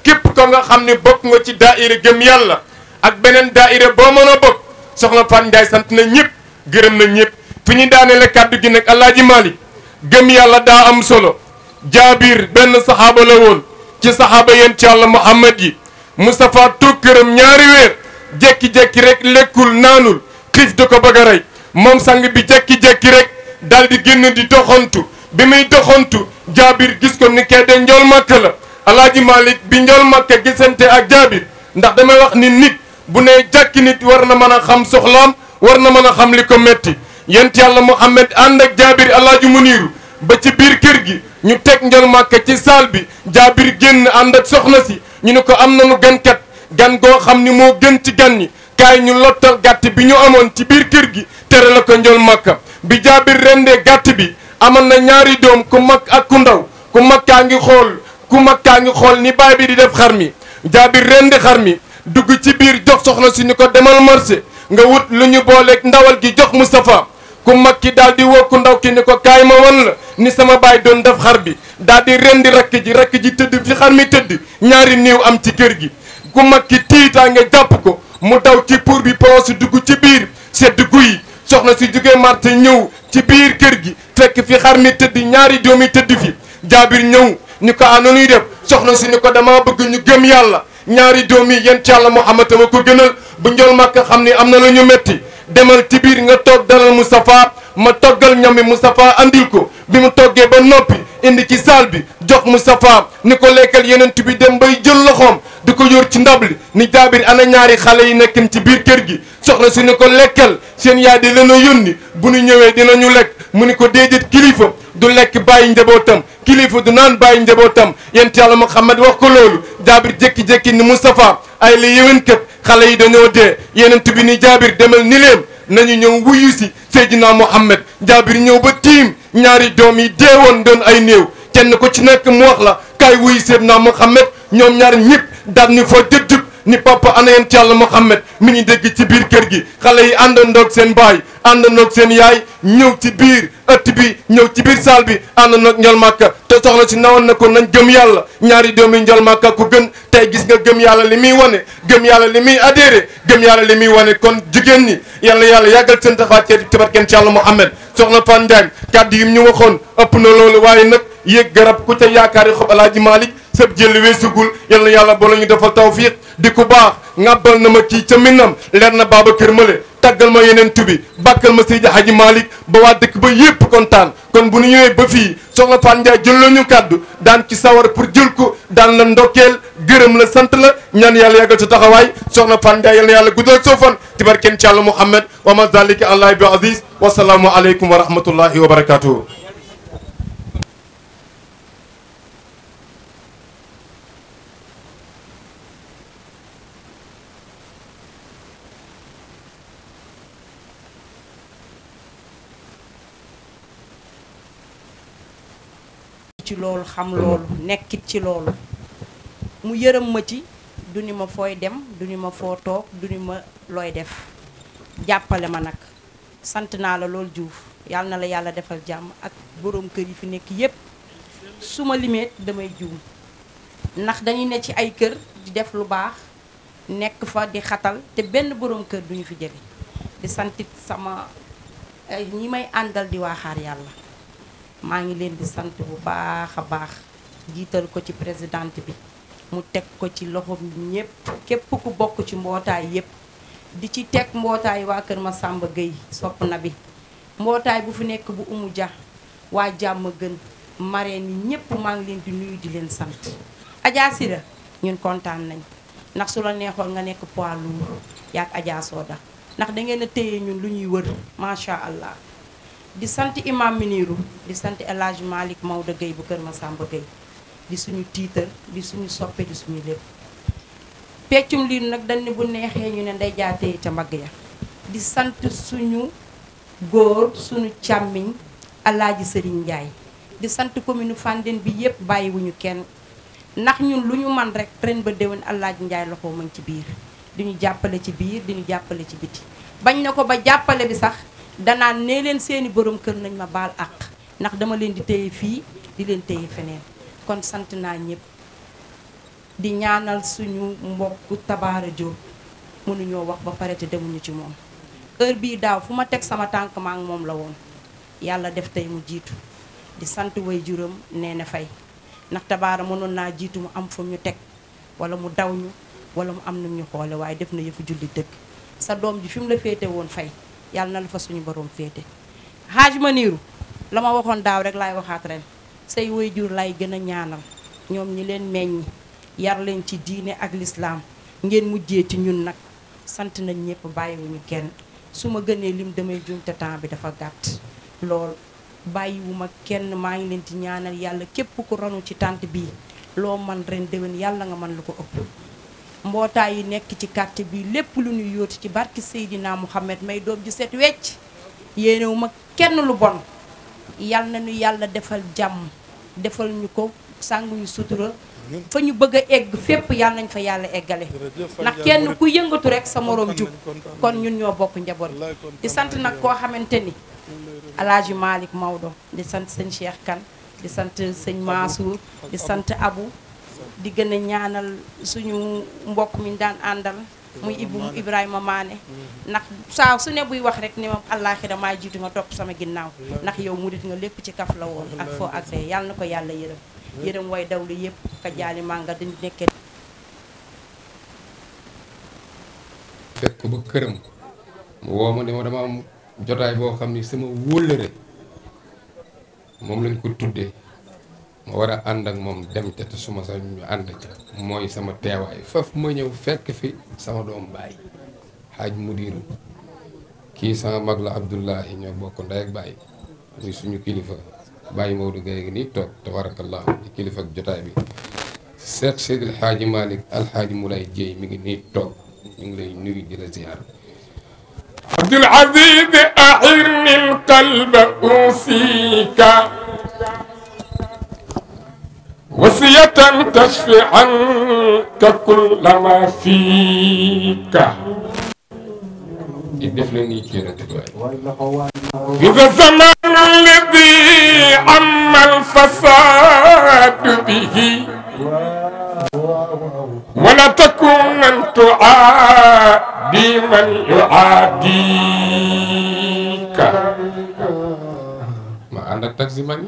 kep ko nga xamni ne nga ci daaira gem yalla ak benen daaira bo meuna bok soxna Fan nday sant na ñepp gërem na ñepp fi ñu daanele kàddu gi nag Alaaji Maalik gëm yàlla daa am solo jaabir benn saxaaba la woon ci saxaaba yéen ci yàlla Muhammad yi Moustapha toog këram ñaari weer jekki-jekki rek lekkul naanul xiif di ko bëgg a rey sang bi jekki-jekki rek daal di génn di doxantu bi muy doxantu jaabir gis ko ni kee de njool màkk la alaaji Malick bi njool màkk gisante ak jaabir ndax damay wax ni nit bu ne jàkki nit war na mën a xam soxlaam war na mën a xam li ko metti yent yàlla Muhammad ànd ak jaabir mu muniiru ba ci biir kër gi ñu teg njël màkka ci saal bi jaabir génn ànd ak soxna si ñu ne ko am na nu gankat gan goo xam ni moo gën ci gan ni kaay ñu lottal gàtt bi ñu amoon ci biir kër gi tere la ko njël màkka bi jaabir rendee gàtt bi amoon na ñaari doom ku mag ak ku ndaw ku mag kaa ngi xool ku mag kaa ngi xool ni baay bi di def xar mi jaabir rendi xar mi dugg ci biir jox soxna si ñu ko demal marché nga wut lu ñu booleeg ndawal gi jox Moustapha ku mag ki daal di woo ku ndaw ki ni ko kaay ma wan la ni sama baay doon def xar bi daal di rendi rakk ji rakk ji tëdd fi xar mi tëdd ñaari néew am ci kër gi ku mag ki tiitaange jàpp ko mu daw ci pour bi poos si dugg ci biir sedd guy soxna si jóge marché ñëw ci biir kër gi fekk fi xar mi tëdd ñaari doom yi tëdd fi jaabir ñëw ni ko na nuy def soxna si ni ko dama bëgg ñu gëm yàlla ñaari doom yi yent yàlla Muhammad ma ko gënal bu njol màkk xam ni am na lu ñu metti demal ci biir nga toog dalal Moustapha ma toggal ñami Moustapha andil ko bi mu toggee ba noppi indi ci saal bi jox Moustapha ni ko lekkal yeneen bi dem bay jël loxoom di ko yor ci ndab li ni jaabir ana ñaari xale yi nekkin ci biir kër gi soxna su ni ko lekkal seen yaa di leen a yónni bu ñu ñëwee dinañu lekk mu ni ko déedéet kilifa du lekk bàyyi njabootam kilifa du naan bàyyi njabootam yent yàlla Muhammad wax ko loolu jaabir jékki-jékki ni Moustapha ay la yéwén képp xale yi dañoo dee yeneent bi ni jaabir demal ni leen nañu ñëw wuyu si Seydina Muhammad jaabir ñëw ba tiim ñaari doom yi deewoon doon ay néew kenn ko ci nekk mu wax la kaay wuyu Seydina Muhammad ñoom ñaar ñëpp daan ni foo jëjjub ni papa ana yent yàlla Muhammad mi ngi dégg ci biir kër gi xale yi àndandoog seen baay àndandoog seen yaay ñëw ci biir ëtt bi ñëw ci biir saal bi ànd àndandoog ñol màkka soxla si nawoon na ko nañ gëm yàlla ñaari doomi njol màkka ko gën tey gis nga gëm yàlla li muy wane gëm yàlla li muy adhéré gëm yàlla li muy wane kon jigéen ñi yàlla yàlla yàggal seen taxawaat ci tabarkeen ci yàlla Muhammad soxna Fane Ndiaye kàddu yi ñu waxoon ëpp na loolu waaye nag yéeg garab ku ca yaakaari xob alaaji Malick sëb jël weesugul yal na yàlla boole ñu defal tawfiq di ku baax ngàbbal na ma kii ca minnam leer na Babacar Mële tàggal ma yeneen tubi bàkkal ma Seydi Hadji Malick ba waa dëkk ba yépp kontaan kon bu nu ñëwee ba fii soxna na Ndiaye jël la ñu kàddu daan ci sawar pour jël ko daan la ndokkeel gërëm la sant la ñaan yàlla yàggal sa taxawaay soxna na Ndiaye yal na yàlla guddal soo fan ci barkeen ci Yàlla Muhammad wa ma zalika allah bi aziz wasalaamu aleykum wa rahmatullahi wa barakatuhu ci loolu xam loolu nekkit ci loolu mu yërëm ma ci duni ma fooy dem duni ma foo toog du ma looy def jàppale ma nag sant naa la loolu juuf yàlla na la yàlla defal jàmm ak boroom kër yi fi nekk yépp su ma limeet damay juum ndax dañuy ne ci ay kër di def lu baax nekk fa di xatal te benn boroom kër duñu fi jege di santit sama ñi may àndal di waaxaar yàlla maa ngi leen di sant bu baax a baax jiital ko ci présidente bi mu teg ko ci loxo ñépp képp ku bokk ci mbootaay yépp di ci teg mbootaay waa Kër ma Masamba Gueye sopp na bi mbootaay bu fi nekk bu umu ja waa jàmm gën marraine yi ñépp maa ngi leen di nuyu di leen sant Adja Sira ñun kontaan nañ ndax su la neexoon nga nekk poids lourd yaag Adja Soda ndax da ngeen téye ñun lu ñuy wër macha allah di sant imam Miniru di sant El malik Malick Maodo bu Kër Massamba Gueye di suñu tiitar di suñu soppe di suñu lépp peccum liir nag dañ bu neexee ñu ne nday jaatee ca mbagg ya di sant suñu góor suñu càmmiñ alaaji sëriñ Ndiaye di sant commune Fandène bi yëpp bàyyiwuñu kenn ndax ñun lu ñu man rek ren ba déwén alaaji Ndiaye loxo mu ngi ci biir di ñu jàppale ci biir di ñu jàppale ci biti bañ na ko ba jàppale bi sax danaan ne leen seeni borom kër nañ ma baal àq ndax dama leen di téye fii di leen téye feneen kon sant naa ñëpp di ñaanal suñu mbokku tabaara jóob mënuñoo wax ba pare te demuñu ci moom heure bii daaw fu ma teg sama tànk maa ngi moom la woon yàlla def tey mu jiitu di sant way juram nee na fay ndax tabaara mënoon naa jiitu mu am fu ñu teg wala mu daw ñu wala mu am nu ñu xoole waaye def na yëfu julli dëkk sa doom ji fi mu la féete woon fay yàlla na lu fa suñu borom féete xaaj ma niiru la ma waxoon daaw rek laay waxaat ren say waajur lay gën a ñaanal ñoom ñi leen meññ yar leen ci diine ak lislaam ngeen mujjee ci ñun nag sant nañ ñëpp ñu kenn su ma gënee lim damay juum te temps bi dafa gàtt lool bàyyiwuma kenn maa ngi leen di ñaanal yàlla képp ku ronu ci tànt bii loo man ren déwén yàlla nga man lu ko ëpp mbootaay yu nekk ci quartier bi lépp lu ñu yoot ci barki Seydina Mouhamed may doom ji set wecc yéenewu ma kenn lu bon yal na ñu yàlla defal jàmm defal ñu ko sàng ñu sutura fa ñu bëgg a egg fépp yal nañ fa yàlla eggale ndax kenn ku yëngatu rekk sa moroom jub kon ñun ñoo bokk njaboot di sant nag koo xamante ni alaaji Malick Maodo di sant seen Cheikh kan di sant sëñ Mansour di sant Abou di gën a ñaanal suñu mbokk mi daan àndal muy Ibou Ibrahima Mané mm-hmm. ndax saa su ne buy wax rek ni ma àllaaxira maa jiitu nga topp sama ginnaaw mm-hmm. ndax yow mu murit nga lépp ci kaf la woon ak foo ak ree na ko yàlla yërëm mm-hmm. yërëm way dawlu yëpp ka jaali maa nga dañ nekkee def ko ba këram mu woo ma ne ma dama am jotaay boo xam ni sama wóllëre moom lañ ko tuddee ma war a ànd ak moom dem ca te suma sa ñu ànd ca mooy sama teewaay faf ma fekk fi sama doom baay xaaj mudiru kii sama mag la Abdullahi ñoo bokk ndey ak baay muy suñu kilifa Baye Maodo Gueye gi nii toog tabarakallahu di kilifa ak jotaay bi seet Seydil Xaaji Malick Alxaaji Moulay Jéy mi ngi nii toog ñu ngi lay nuyu di la ziyaar عبد العزيز أعرني القلب أوصيك وصية تشفي عنك كل ما فيك إذا الزمان الذي عم الفساد به ولا تكن أن تعادي من يعاديك ما عندك تكزي من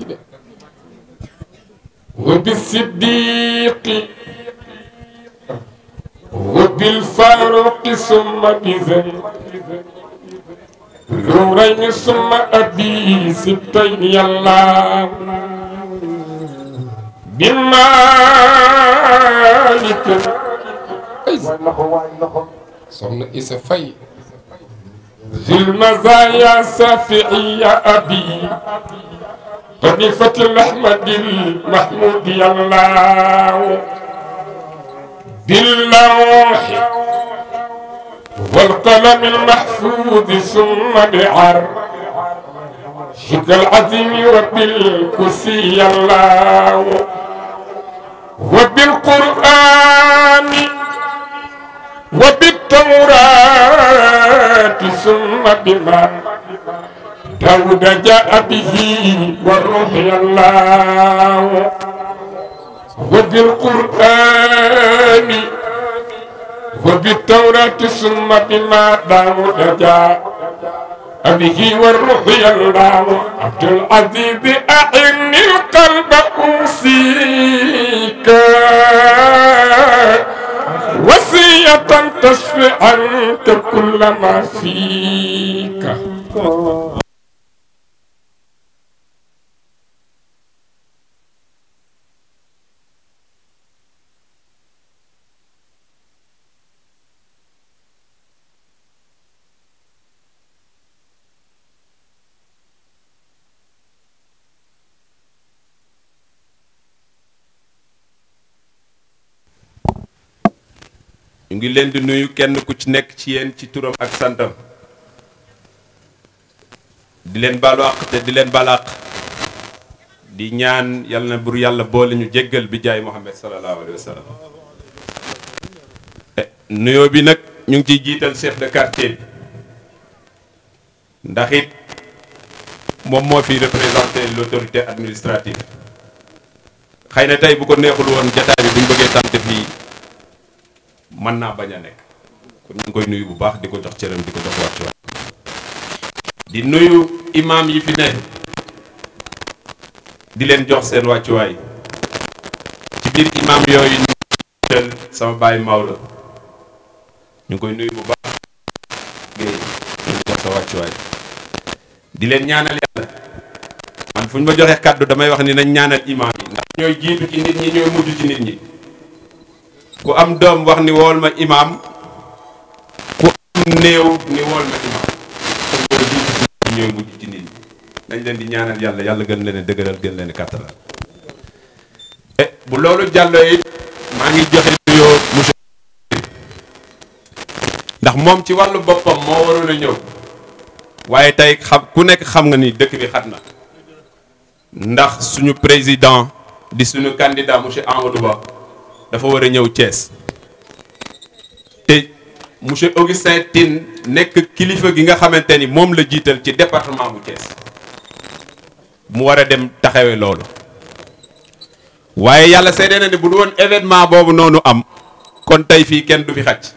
وبالصديق وبالفاروق ثم بذن نورين ثم أبي ستين يلا بمالك صلى إيسا في ذي المزايا سافعي يا أبي طريفة الأحمد المحمود الله باللوح والقلم المحفوظ ثم بعر شد العظيم رب الكسي وبالقرآن وبالتوراة ثم بما داود جاء به والروح الله وبالقرآن وبالتوراة ثم بما داود جاء به والروح الله عبد العزيز أعني القلب أوصيك وصية تشفي أنت كل ما فيك ñu ngi leen di nuyu kenn ku ci nekk ci yéen ci turam ak santam di leen baalu te di leen balaq di ñaan yàlla na bur yàlla boole ñu jéggal bi jaay Muhammad sallallahu alayhi wa sallam eh, bi nag ñu ngi ciy jiital chef de quartier bi ndax it moom moo fi représenté l'autorité administrative xëy na tey bu ko neexul woon jataay bi buñ bëggee tànn fii mën naa bañ a nekk kon ñu koy nuyu bu baax di ko jox cëram di ko jox wàccuwaay di nuyu imaam yi fi ne di leen jox seen wàccuwaay ci biir imaam yooyu ñu sama baay Maodo ñu ngi koy nuyu bu baax di di leen ñaanal yàlla man fu ñu ma joxee kàddu damay wax ni nañ ñaanal imaam yi ndax ñooy jiitu ci nit ñi ñooy mujj ci nit ñi ku am doom wax ni wool ma imaam ku am néew ni wool ma imaam kon loolu lii ci nit ñi dañ leen di ñaanal yàlla yàlla gën leen dëgëral gën leen kàttanal e eh, bu loolu jàllee it maa ngi joxe nuyoo monsieur ndax moom ci wàllu boppam moo waroon a ñëw waaye tey xam ku nekk xam nga ni dëkk bi xat na ndax suñu président di suñu candidat monsieur Amadou Ba dafa war a ñëw cees te monsieur Augustin Tine nekk kilifa gi nga xamante ni moom la jiital ci département bu Thiès mu war a dem taxawe loolu waaye yàlla seede na ne bu du woon événement boobu noonu am kon tey fii kenn du fi xaj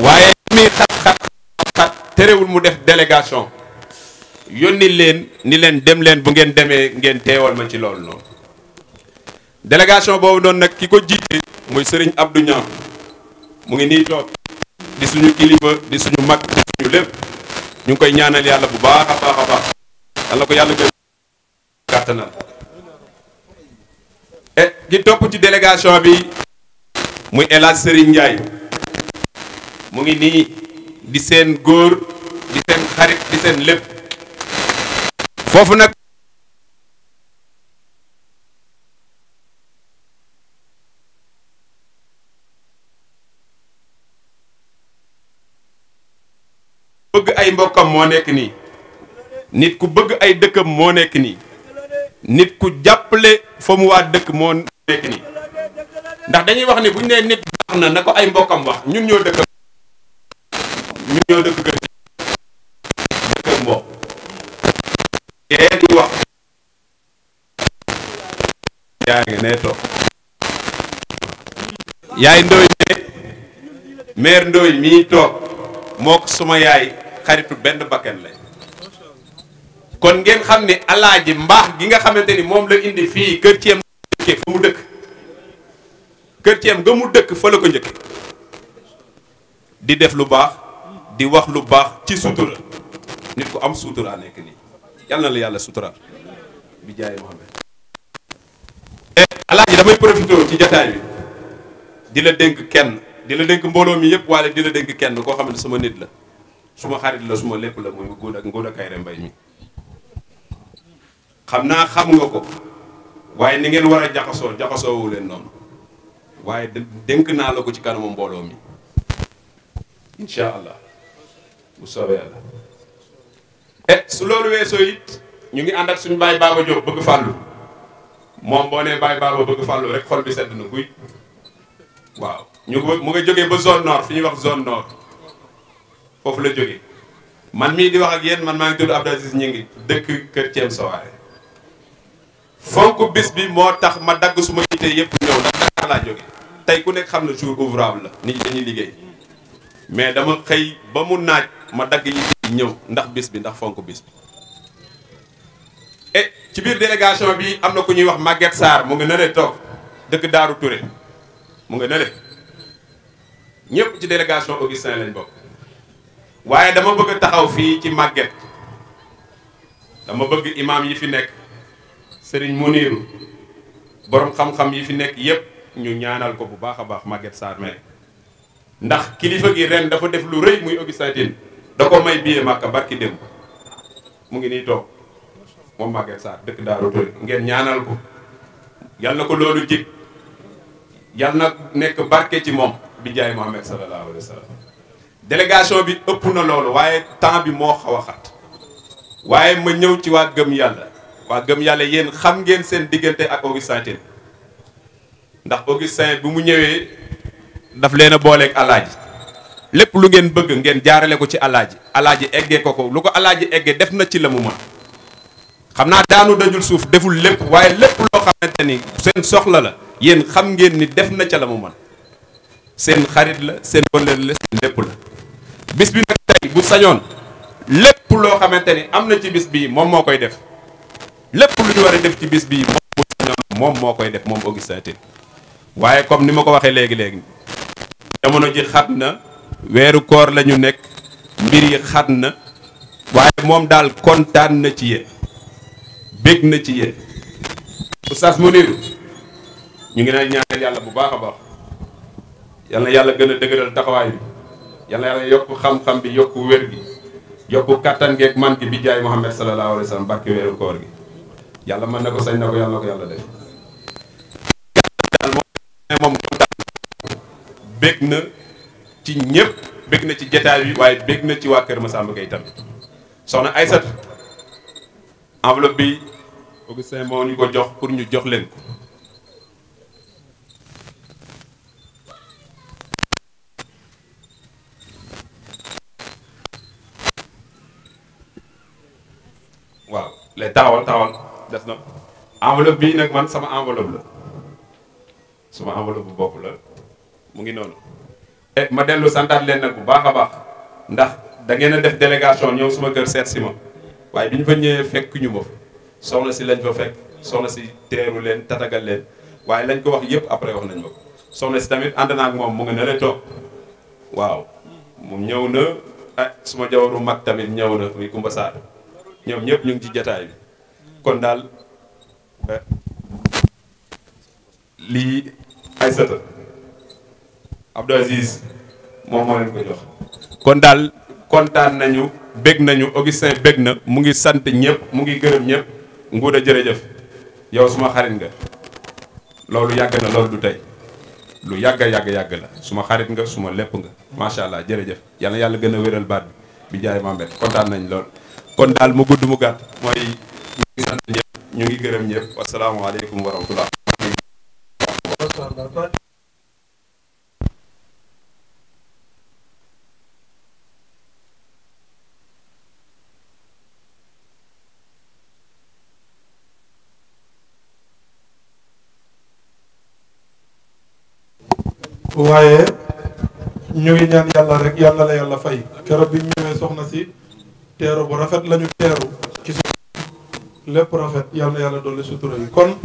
waaye mi terewul mu def délégation yónni leen ni leen dem leen bu ngeen demee ngeen teewal ma ci loolu noonu délégation boobu doon nag ki ko jiite muy Serigne Abdou Niang mu ngi nii toog di suñu kilifa di suñu mag di suñu lépp ñu ngi koy ñaanal yàlla bu baax a baax a baax yàlla ko yàlla eh, ki topp ci délégation bi muy El Hadj Serigne mu ngi nii di seen góor di seen xarit di seen lépp foofu nag ay mbokkam moo nekk nii nit ku bëgg ay dëkkam moo nekk nii nit ku jàppale fa mu waa dëkk moo nekk nii ndax dañuy wax ni bu ñu nee nit baax na na ko ay mbokkam wax ñun ñoo dëkk ñun ñoo dëkk mbokk yee di wax yaa ngi ne toog yaay ndooy ne maire mii toog mook suma yaay xaritu benn bakkan la kon ngeen xam ne alaaji mbaax gi nga xamante ni moom la indi fii kër ceem dëkke mu dëkk kër ceem fa la ko njëkk di def lu baax di wax lu baax ci sutura nit ku am sutura nekk nii yal na la yàlla sutura bi jaay Mohamed eh, alaaji damay profité ci jataay bi di la dénk kenn di la dénk mbooloo mi yëpp waale di la dénk kenn koo xam ne sama nit la suma xarit la suma lépp la muy góor ak góor a Kairé Mbaye mi xam naa xam nga ko waaye ni ngeen war a jaxasoo jaxasoowu leen noonu waaye dénk naa la ko ci kanamu mbooloo mi incha allah bu soobee yàlla e su loolu weesoo it ñu ngi ànd ak suñu baay baaba Diop bëgg fàllu moom boo nee baay baaba bëgg fàllu rek xol bi sedd na guy waaw ñu mu nga jógee ba zone nord fi ñuy wax zone nord foofu la jóge man mii di wax ak yéen man maa ngi tudd Abdou Aziz ñi ngi dëkk kër ceeb Sawaare fonk bis bi moo tax ma dagg suma yitte yëpp ñëw ndax Dakar jóge tey ku nekk xam na jour ouvrable la nit ñi dañuy liggéey mais dama xëy ba mu naaj ma dagg yitte ñëw ndax bis bi ndax fonk bis bi et eh, ci biir délégation bi am na ku ñuy wax Maguette saar mu ngi nële toog dëkk Daaru Touré mu ngi nële ñëpp ci délégation Augustin lañ bokk waaye dama bëgg a taxaw fii ci màgget dama bëgg imaam yi fi nekk sëriñ Muniru borom xam-xam yi fi nekk yépp ñu ñaanal ko bu baax a baax màgget Sarr mel ndax kilifa gi ren dafa def lu rëy muy Augustin Tine da ko may billet Màkka barki démb mu ngi nii toog moom Maguette Sarr dëkk Daaru Touré ngeen ñaanal ko yal na ko loolu jig yal na nekk barke ci moom bi jaay Muhammad sallallahu alayhi wa délégation bi ëpp na loolu waaye temps bi moo xaw a xat waaye ma ñëw ci waa gëm yàlla waa gëm yàlla yéen xam ngeen seen diggante ak Augustin Tine ndax Augustin bi mu ñëwee daf leen a booleeg ji lépp lu ngeen bëgg ngeen jaarale ko ci ji alaaji ji eggee ko ko lu ko alaaji eggee def na ci la mu mën xam naa daanu dajul suuf deful lépp waaye lépp loo xamante ni seen soxla la yéen xam ngeen ni def na ca la mu man seen xarit la seen wëllël la seen bis bi nag tey bu sañoon lépp loo xamante ni am na ci bis bii moom moo koy def lépp lu ñu war def ci bis bii moom moom moo koy def moom Augustin Tine waaye comme ni ma ko waxee léegi léegi jamono ji xat na weeru koor la ñu nekk mbir yi xat na waaye moom daal kontaan na ci yéen bég na ci yéen oustaz Mounirou ñu ngi lay ñaanal yàlla bu baax a baax yàlla yàlla gën a dëgëral taxawaay bi yal na yàlla yokk xam-xam bi yokk wér gi yokk kattan geeg man gi bi jaay Muhammad sallallahu alayhi wa sallam barki weeru koor gi yàlla mën na ko sañ na ko yàlla na ko yàlla def moom na ci ñëpp bég na ci jataay bi waaye bég na ci waa Kër Masamba Gueye tamit soxna Aysatu enveloppe bi Augustin moo ñu ko jox pour ñu jox leen lay taawal taawal des na enveloppe bii nag man sama enveloppe la sama enveloppe bu bopp la mu ngi noonu e ma dellu santaat leen nag bu baax a baax ndax da ngeen a def délégation ñëw suma kër seet si ma waaye bi ñu fa ñëwee fekk ñu ma fa soxna si lañ fa fekk soxna si teeru leen tatagal leen waaye lañ ko wax yëpp après wax nañ ma ko soxna si tamit ànd naa ak moom mu nga ne la toog waaw moom ñëw na ah suma jawaru mat tamit ñëw na muy Kumba ñoom ñëpp ñu ngi ci jataay bi kon daal eh, lii Aysata Abdou Aziz moom moo leen ko jox kon daal kontaan nañu bég nañu Augustin bég na mu ngi sant ñëpp mu ngi gërëm ñëpp nguur a jërëjëf yow suma xarit nga loolu yàgg na loolu du tey lu yàgg yàgg yàgg la suma xarit nga suma lépp nga macha allah jërëjëf yàlla yàlla gën a wéral baat bi bi jaay Mambet kontaan nañ lool. kon dal mu gudd mu gatt moy ñu ngi sant ñëpp ñu ngi gërëm ñëpp wasalaamaaleykum wa rahmatullah waye ñu ngi ñaan yalla rek yalla la yalla fay kërëb bi ñu ñëwé soxna si teeru bu rafet lañu teeru ci su lépp rafet yàlla yàlla dolli sutura yi kon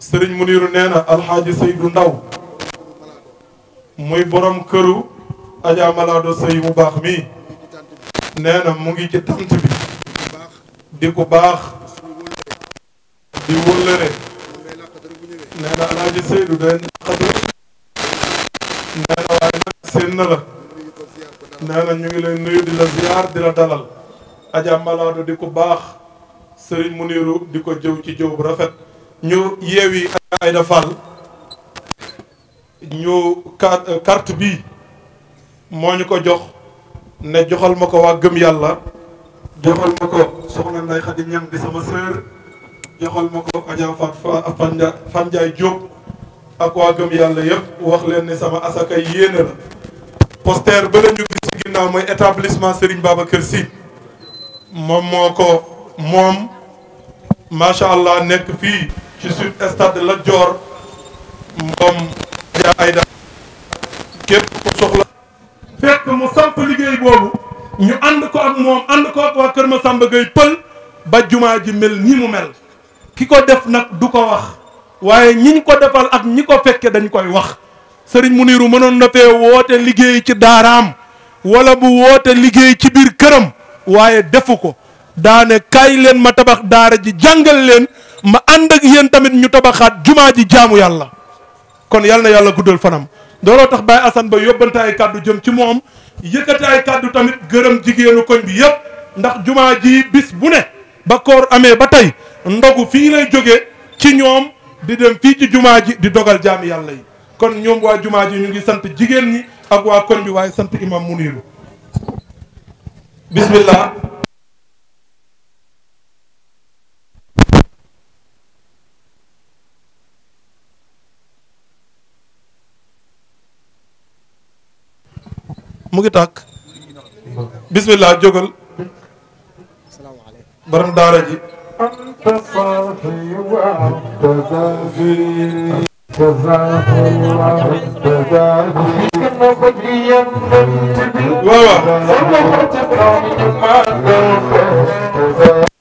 sëriñ Muniru nee na alxaaji Seydou Ndaw muy boroom këru Adja Malado Sey mu baax mii nee mu ngi ci tant bi di ku baax di wëllëre nee na alxaaji Seydou day naqatu nee waaye nag seen na la nana na ñu ngi lay nuyu di la ziar di la dalal aja malaado di ko baax Muniru di ko jëw ci jëw bu rafet ñu yewi ay dafal ñu carte bi moñ ko jox ne joxal mako wa gëm yalla joxal mako soxna nday khadim ñang di sama sœur joxal mako ko Adja Fat Fan Ndiaye Diop ak wa gëm yalla yëpp wax leen ne sama asaka yéene la poster ba lañu gis ginnaaw mooy établissement Serigne kër Sy moom moo ko moom macha allah nekk fii ci sud stade de Lat moom yaa ay da képp ko soxla fekk mu samp liggéey boobu ñu ànd ko ak moom ànd ko ak waa Kër Masamba Gueye Pël ba jumaa ji mel nii mu mel ki ko def nag du ko wax waaye ñiñ ko defal ak ñi ko fekke dañ koy wax sëriñ mu Mounirou mënoon na woote liggéey ci daaraam wala bu woote liggéey ci biir këram waaye defu ko daane kaay leen ma tabax daara ji jàngal leen ma ànd ak yéen tamit ñu tabaxaat jumaa ji jaamu yàlla kon yàlla na yàlla guddal fanam dooloo tax Baye Assane ba yóbbante ay kàddu jëm ci moom yëkkate ay kàddu tamit gërëm jigéenu koñ bi yëpp ndax jumaa ji bis bu ne ba koor amee ba tey ndogu fii lay jóge ci ñoom di dem fii ci jumaa ji di dogal jaami yàlla yi kon ñoom waa jumaa ji ñu ngi sant jigéen ñi ak waa bismillah mu ngi tàkk bismillah جزاه الله جزاه كنا بدريا من تبي والله سمحت قوم ما جزاه